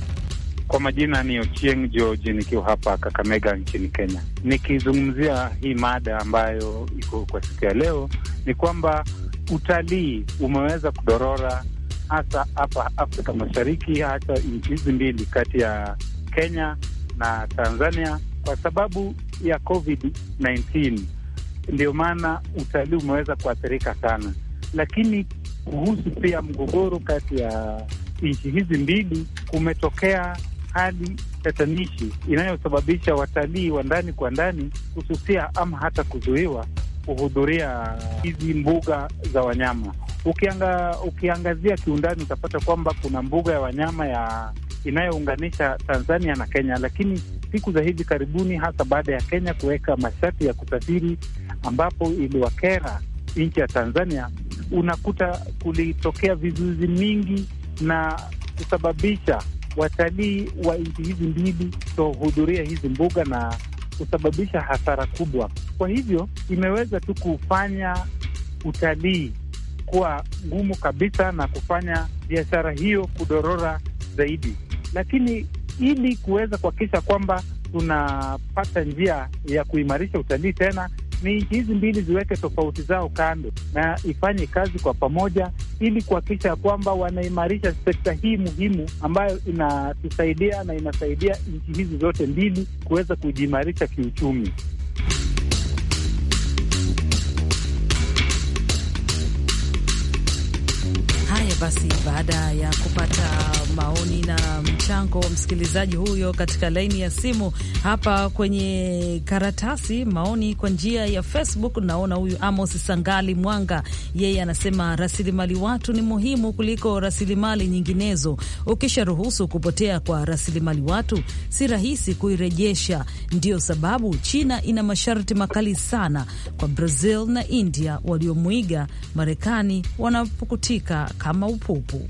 Kwa majina ni Ochieng George, nikiwa hapa Kakamega nchini Kenya, nikizungumzia hii mada ambayo iko kwa siku ya leo, ni kwamba utalii umeweza kudorora hasa hapa Afrika Mashariki, hata nchi hizi mbili kati ya Kenya na Tanzania kwa sababu ya COVID-19. Ndio maana utalii umeweza kuathirika sana, lakini kuhusu pia mgogoro kati ya nchi hizi mbili, kumetokea hali tatanishi inayosababisha watalii wa ndani kwa ndani kususia ama hata kuzuiwa kuhudhuria hizi mbuga za wanyama. Ukianga, ukiangazia kiundani utapata kwamba kuna mbuga ya wanyama ya inayounganisha Tanzania na Kenya, lakini siku za hivi karibuni, hasa baada ya Kenya kuweka masharti ya kusafiri, ambapo iliwakera nchi ya Tanzania, unakuta kulitokea vizuizi mingi na kusababisha watalii wa nchi hizi mbili kutohudhuria hizi mbuga na kusababisha hasara kubwa. Kwa hivyo imeweza tu kufanya utalii kuwa ngumu kabisa na kufanya biashara hiyo kudorora zaidi. Lakini ili kuweza kuhakikisha kwamba tunapata njia ya kuimarisha utalii tena, ni nchi hizi mbili ziweke tofauti zao kando na ifanye kazi kwa pamoja, ili kuhakikisha kwamba wanaimarisha sekta hii muhimu ambayo inatusaidia na inasaidia nchi hizi zote mbili kuweza kujiimarisha kiuchumi. Basi baada ya kupata maoni na mchango wa msikilizaji huyo katika laini ya simu, hapa kwenye karatasi maoni kwa njia ya Facebook, naona huyu Amos Sangali Mwanga, yeye anasema rasilimali watu ni muhimu kuliko rasilimali nyinginezo. Ukisharuhusu kupotea kwa rasilimali watu, si rahisi kuirejesha. ndio sababu China ina masharti makali sana kwa Brazil na India waliomwiga Marekani wanapukutika kama Laupopo.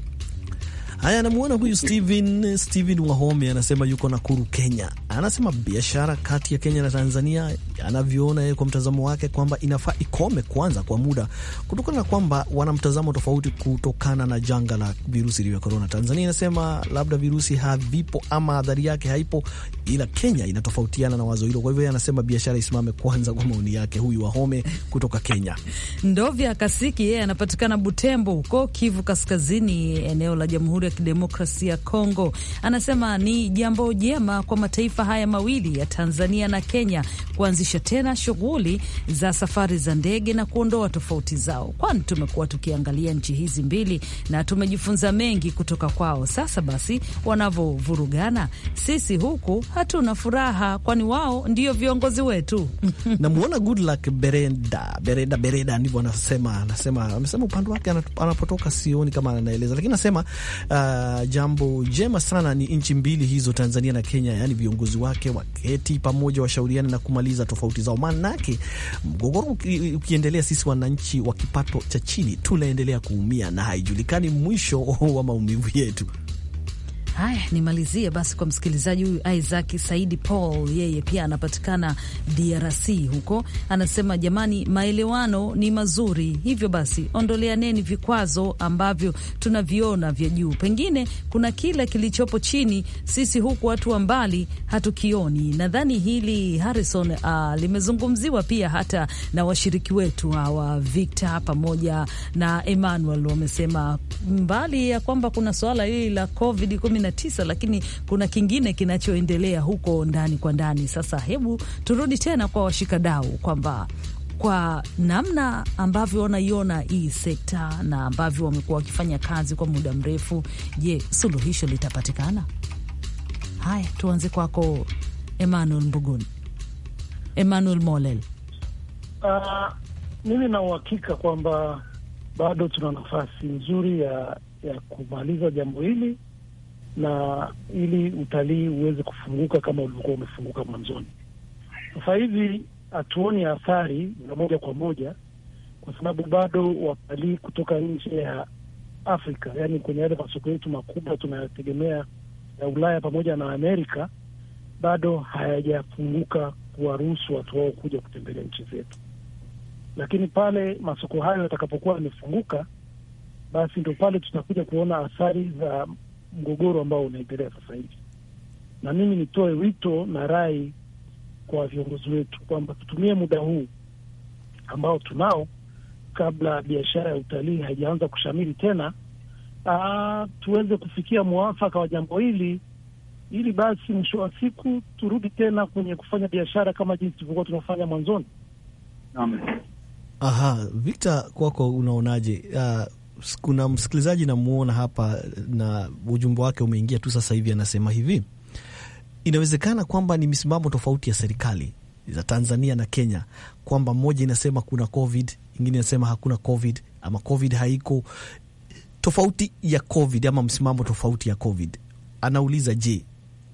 Haya, anamwona huyu Steven, Steven Wahome anasema yuko Nakuru, Kenya. Anasema biashara kati ya Kenya na Tanzania anavyoona yeye kwa mtazamo wake kwamba inafaa ikome kwanza kwa muda, kutokana na kwamba wana mtazamo tofauti kutokana na janga la virusi vya korona. Tanzania inasema labda virusi havipo ama adhari yake haipo, ila Kenya inatofautiana na wazo hilo. Kwa hivyo yeye anasema biashara isimame kwanza, kwa maoni yake huyu Wahome kutoka Kenya. Ndovya Kasiki yeye anapatikana Butembo huko Kivu Kaskazini, eneo la Jamhuri Kidemokrasia ya Kongo. Anasema ni jambo jema kwa mataifa haya mawili ya Tanzania na Kenya kuanzisha tena shughuli za safari za ndege na kuondoa tofauti zao, kwani tumekuwa tukiangalia nchi hizi mbili na tumejifunza mengi kutoka kwao. Sasa basi, wanavovurugana sisi huku hatuna furaha, kwani wao ndio viongozi wetu. Namwona good luck Bereda, Bereda, Bereda ndivyo anasema, anasema amesema upande wake anapotoka sioni kama anaeleza, lakini anasema uh, jambo jema sana ni nchi mbili hizo Tanzania na Kenya, yani viongozi wake waketi pamoja, washauriane na kumaliza tofauti zao, maanake mgogoro ukiendelea, sisi wananchi wa kipato cha chini tunaendelea kuumia na haijulikani mwisho wa maumivu yetu. Haya, nimalizie basi kwa msikilizaji huyu Isaac Saidi Paul, yeye pia anapatikana DRC huko, anasema jamani, maelewano ni mazuri, hivyo basi ondoleaneni vikwazo ambavyo tunaviona vya juu. Pengine kuna kile kilichopo chini, sisi huku watu wa mbali hatukioni. Nadhani hili Harrison, uh, limezungumziwa pia hata na washiriki wetu hawa Victor pamoja na Emmanuel, wamesema mbali ya kwamba kuna suala hili la covid 19 lakini kuna kingine kinachoendelea huko ndani kwa ndani. Sasa hebu turudi tena kwa washikadau kwamba kwa namna ambavyo wanaiona hii sekta na ambavyo wamekuwa wakifanya kazi kwa muda mrefu, je, suluhisho litapatikana? Haya, tuanze kwako Emmanuel Mbuguni, Emmanuel Molel. Uh, mimi na uhakika kwamba bado tuna nafasi nzuri ya ya kumaliza jambo hili na ili utalii uweze kufunguka kama ulivyokuwa umefunguka mwanzoni. Sasa hivi hatuoni athari za moja kwa moja, kwa sababu bado watalii kutoka nje ya Afrika, yaani kwenye yale masoko yetu makubwa tunayotegemea ya Ulaya pamoja na Amerika, bado hayajafunguka kuwaruhusu watu wao kuja kutembelea nchi zetu. Lakini pale masoko hayo yatakapokuwa yamefunguka, basi ndo pale tutakuja kuona athari za mgogoro ambao unaendelea sasa hivi. Na mimi nitoe wito na rai kwa viongozi wetu kwamba tutumie muda huu ambao tunao kabla biashara ya utalii haijaanza kushamiri tena, aa, ah, tuweze kufikia mwafaka wa jambo hili ili basi mwisho wa siku turudi tena kwenye kufanya biashara kama jinsi tulivyokuwa tunafanya mwanzoni. Naam. Aha, Victor, kwako unaonaje? Uh, kuna msikilizaji namuona hapa na ujumbe wake umeingia tu sasa hivi, anasema hivi, inawezekana kwamba ni misimamo tofauti ya serikali za Tanzania na Kenya, kwamba moja inasema kuna COVID, ingine inasema hakuna COVID ama COVID haiko, tofauti ya COVID ama msimamo tofauti ya COVID. Anauliza, je,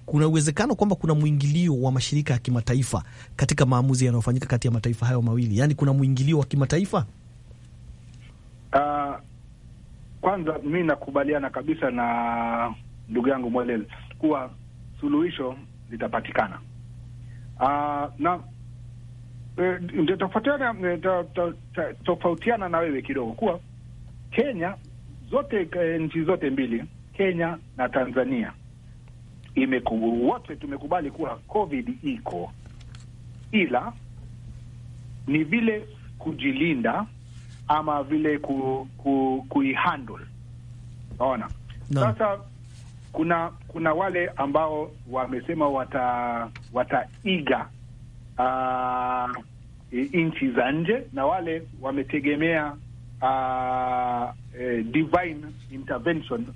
kuna uwezekano kwamba kuna mwingilio wa mashirika ya kimataifa katika maamuzi yanayofanyika kati ya mataifa hayo mawili, yaani kuna mwingilio wa kimataifa? Uh, kwanza mi nakubaliana kabisa na ndugu yangu Mwelel kuwa suluhisho litapatikana. Ah, na eh, eh, tofautiana na wewe kidogo kuwa Kenya zote eh, nchi zote mbili Kenya na Tanzania wote tumekubali kuwa COVID iko, ila ni vile kujilinda ama vile ku, ku, kuihandle. Naona sasa Kuna kuna wale ambao wamesema wata wataiga uh, ah, nchi za nje na wale wametegemea uh, divine intervention uh,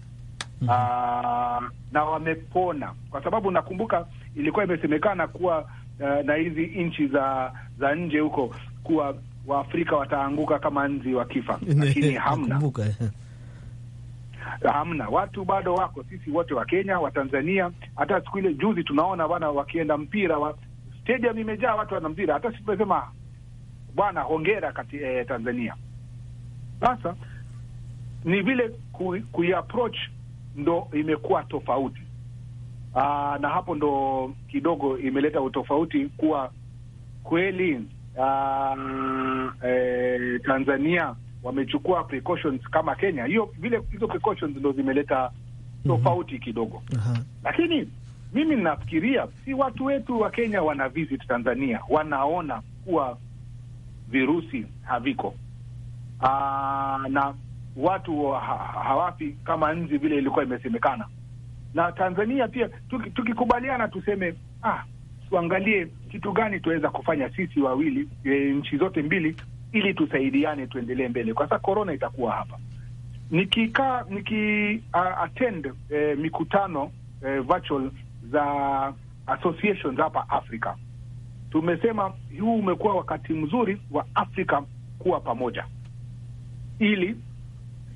mm -hmm. na wamepona, kwa sababu nakumbuka ilikuwa imesemekana kuwa uh, na hizi nchi za za nje huko kuwa Waafrika wataanguka kama nzi kifa, lakini hamna hamna watu bado wako, sisi wote wa Kenya, wa Tanzania. Hata siku ile juzi tunaona bwana, wakienda mpira wa stadium imejaa watu wana mpira, hata situmesema bwana hongera kati eh, Tanzania. Sasa ni vile kuiapproach kui ndo imekuwa tofauti. Aa, ah, na hapo ndo kidogo imeleta utofauti kuwa kweli uh, eh, Tanzania wamechukua precautions kama Kenya. Hiyo vile hizo precautions ndo zimeleta mhm. tofauti mm -hmm. kidogo uh -huh. Lakini mimi ninafikiria si watu wetu wa Kenya wana visit Tanzania, wanaona kuwa virusi haviko Aa, ah, na watu ha hawafi kama nzi vile ilikuwa imesemekana. Na Tanzania pia tukikubaliana, tuseme, ah, tuangalie kitu gani tuweza kufanya sisi wawili, e, nchi zote mbili, ili tusaidiane tuendelee mbele, kwa sasa korona itakuwa hapa. Nikikaa niki attend uh, mikutano uh, virtual za associations hapa Afrika, tumesema huu umekuwa wakati mzuri wa Afrika kuwa pamoja, ili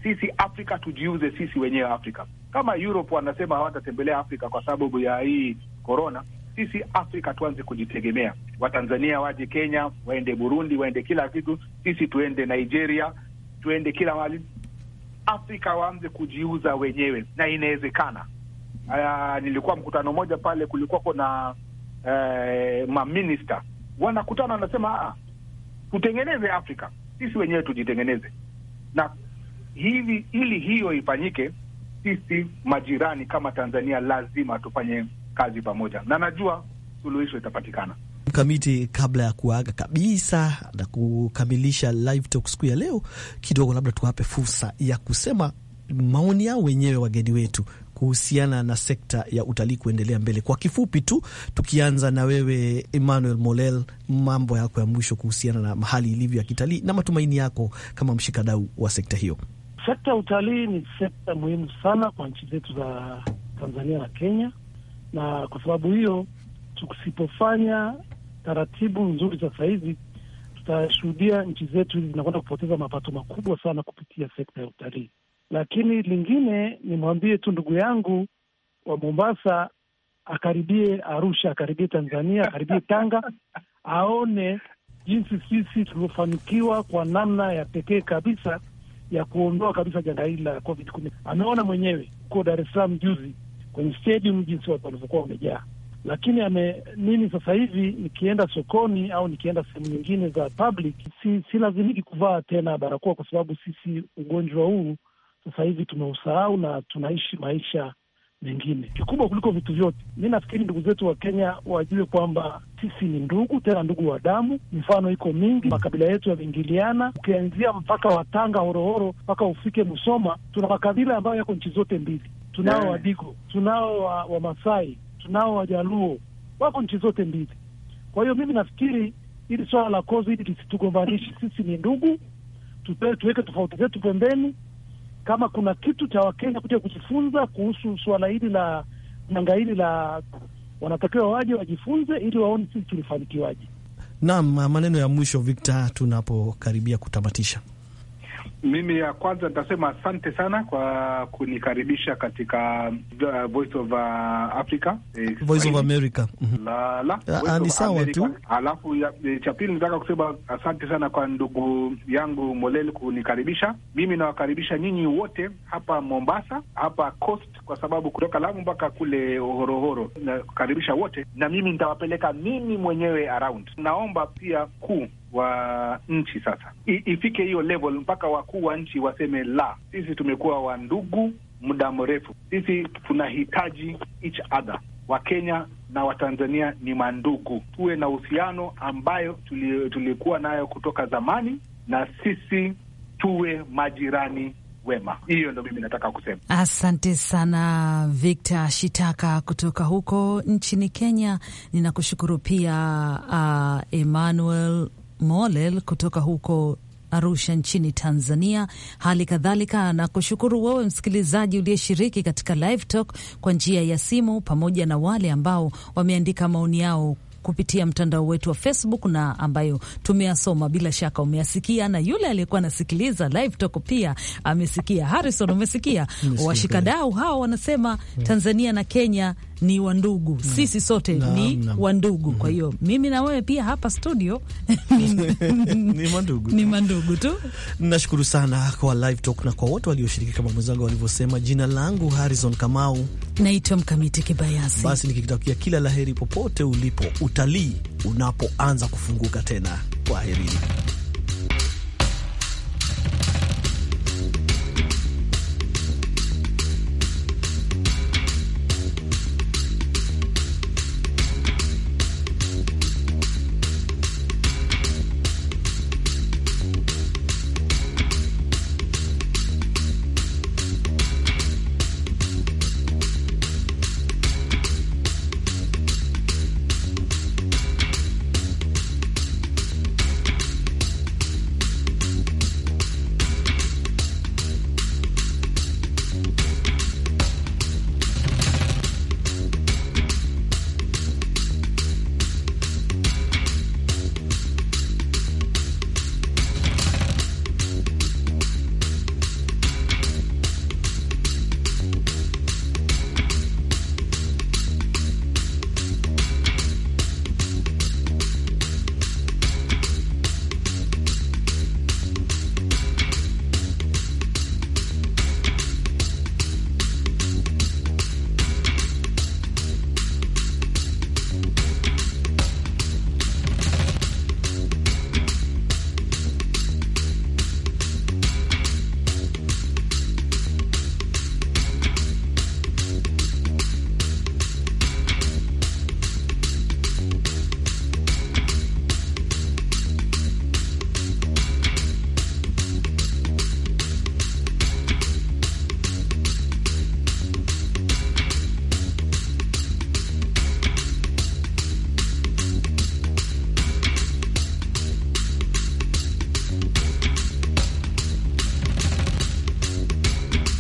sisi Afrika tujiuze sisi wenyewe Afrika. Kama Europe wanasema hawatatembelea Afrika kwa sababu ya hii korona sisi Afrika tuanze kujitegemea. Watanzania waje Kenya, waende Burundi, waende kila kitu, sisi tuende Nigeria, tuende kila mahali. Afrika waanze kujiuza wenyewe, na inawezekana. Uh, nilikuwa mkutano mmoja pale, kulikuwa kuna uh, eh, maminista wanakutana, wanasema ah, tutengeneze Afrika sisi wenyewe, tujitengeneze na hivi, ili hiyo ifanyike, sisi majirani kama Tanzania lazima tufanye kazi pamoja, na najua suluhisho itapatikana. Mkamiti, kabla ya kuaga kabisa na kukamilisha live talk siku ya leo, kidogo labda tuwape fursa ya kusema maoni yao wenyewe wageni wetu kuhusiana na sekta ya utalii kuendelea mbele. Kwa kifupi tu, tukianza na wewe Emmanuel Molel, mambo yako ya mwisho kuhusiana na mahali ilivyo ya kitalii na matumaini yako kama mshikadau wa sekta hiyo. Sekta ya utalii ni sekta muhimu sana kwa nchi zetu za Tanzania na Kenya na kwa sababu hiyo tusipofanya taratibu nzuri za sahizi tutashuhudia nchi zetu hizi zinakwenda kupoteza mapato makubwa sana kupitia sekta ya utalii. Lakini lingine nimwambie tu ndugu yangu wa Mombasa akaribie Arusha, akaribie Tanzania, akaribie Tanga, aone jinsi sisi tulivyofanikiwa kwa namna ya pekee kabisa ya kuondoa kabisa janga hili la COVID kumi. Ameona mwenyewe huko Dar es Salaam juzi kwenye stadium jinsi watu walivyokuwa wamejaa. Lakini ame, mimi sasa hivi nikienda sokoni au nikienda sehemu nyingine za public si, si lazimiki kuvaa tena barakoa, kwa sababu sisi ugonjwa huu sasa hivi tumeusahau na tunaishi maisha mengine kikubwa kuliko vitu vyote. Mi nafikiri ndugu zetu wa Kenya wajue kwamba sisi ni ndugu, tena ndugu wa damu. Mifano iko mingi, makabila yetu yameingiliana, ukianzia mpaka wa Tanga horohoro mpaka ufike Musoma. Tuna makabila ambayo yako nchi zote mbili, tunao yeah. Wadigo, tunao wa, wa Masai, tunao Wajaluo, wako nchi zote mbili. Kwa hiyo mimi nafikiri hili swala la kozi hili lisitugombanishi sisi ni ndugu, tuweke tofauti zetu pembeni. Kama kuna kitu cha Wakenya kuja kujifunza kuhusu suala hili la janga hili la, wanatakiwa waje wajifunze ili waone sisi tulifanikiwaje. Naam, maneno ya mwisho Victor, tunapokaribia kutamatisha. Mimi ya kwanza nitasema asante sana kwa kunikaribisha katika uh, Voice of uh, Africa, eh, Voice of America mhm. la, la, ah, Voice ni sawa tu. Alafu eh, cha pili nataka kusema asante sana kwa ndugu yangu Molel kunikaribisha. Mimi nawakaribisha nyinyi wote hapa Mombasa, hapa Coast, kwa sababu kutoka Lamu mpaka kule Horohoro nakaribisha wote, na mimi nitawapeleka mimi mwenyewe around. Naomba pia kuu wa nchi sasa I, ifike hiyo level mpaka wakuu wa nchi waseme la, sisi tumekuwa wa ndugu muda mrefu, sisi tunahitaji each other. Wakenya na Watanzania ni mandugu, tuwe na uhusiano ambayo tulikuwa nayo kutoka zamani, na sisi tuwe majirani wema. Hiyo ndo mimi nataka kusema. Asante sana Victor Shitaka kutoka huko nchini Kenya. Ninakushukuru pia uh, Emmanuel Molel kutoka huko Arusha nchini Tanzania. Hali kadhalika na kushukuru wewe msikilizaji uliyeshiriki katika live talk kwa njia ya simu, pamoja na wale ambao wameandika maoni yao kupitia mtandao wetu wa Facebook na ambayo tumeyasoma. Bila shaka umeyasikia, na yule aliyekuwa anasikiliza live talk pia amesikia. Harrison, umesikia? Washikadau hao wanasema Tanzania na Kenya ni wandugu no. Sisi sote no, ni no. wandugu Kwa hiyo mhm. mimi na wewe pia hapa studio ni mandugu ni mandugu tu. Nashukuru sana kwa live talk na kwa wote walioshiriki, kama mwenzangu walivyosema. Jina langu Harrison Kamau, naitwa Mkamiti Kibayasi. Basi nikikutakia kila laheri popote ulipo, utalii unapoanza kufunguka tena. Kwaherini.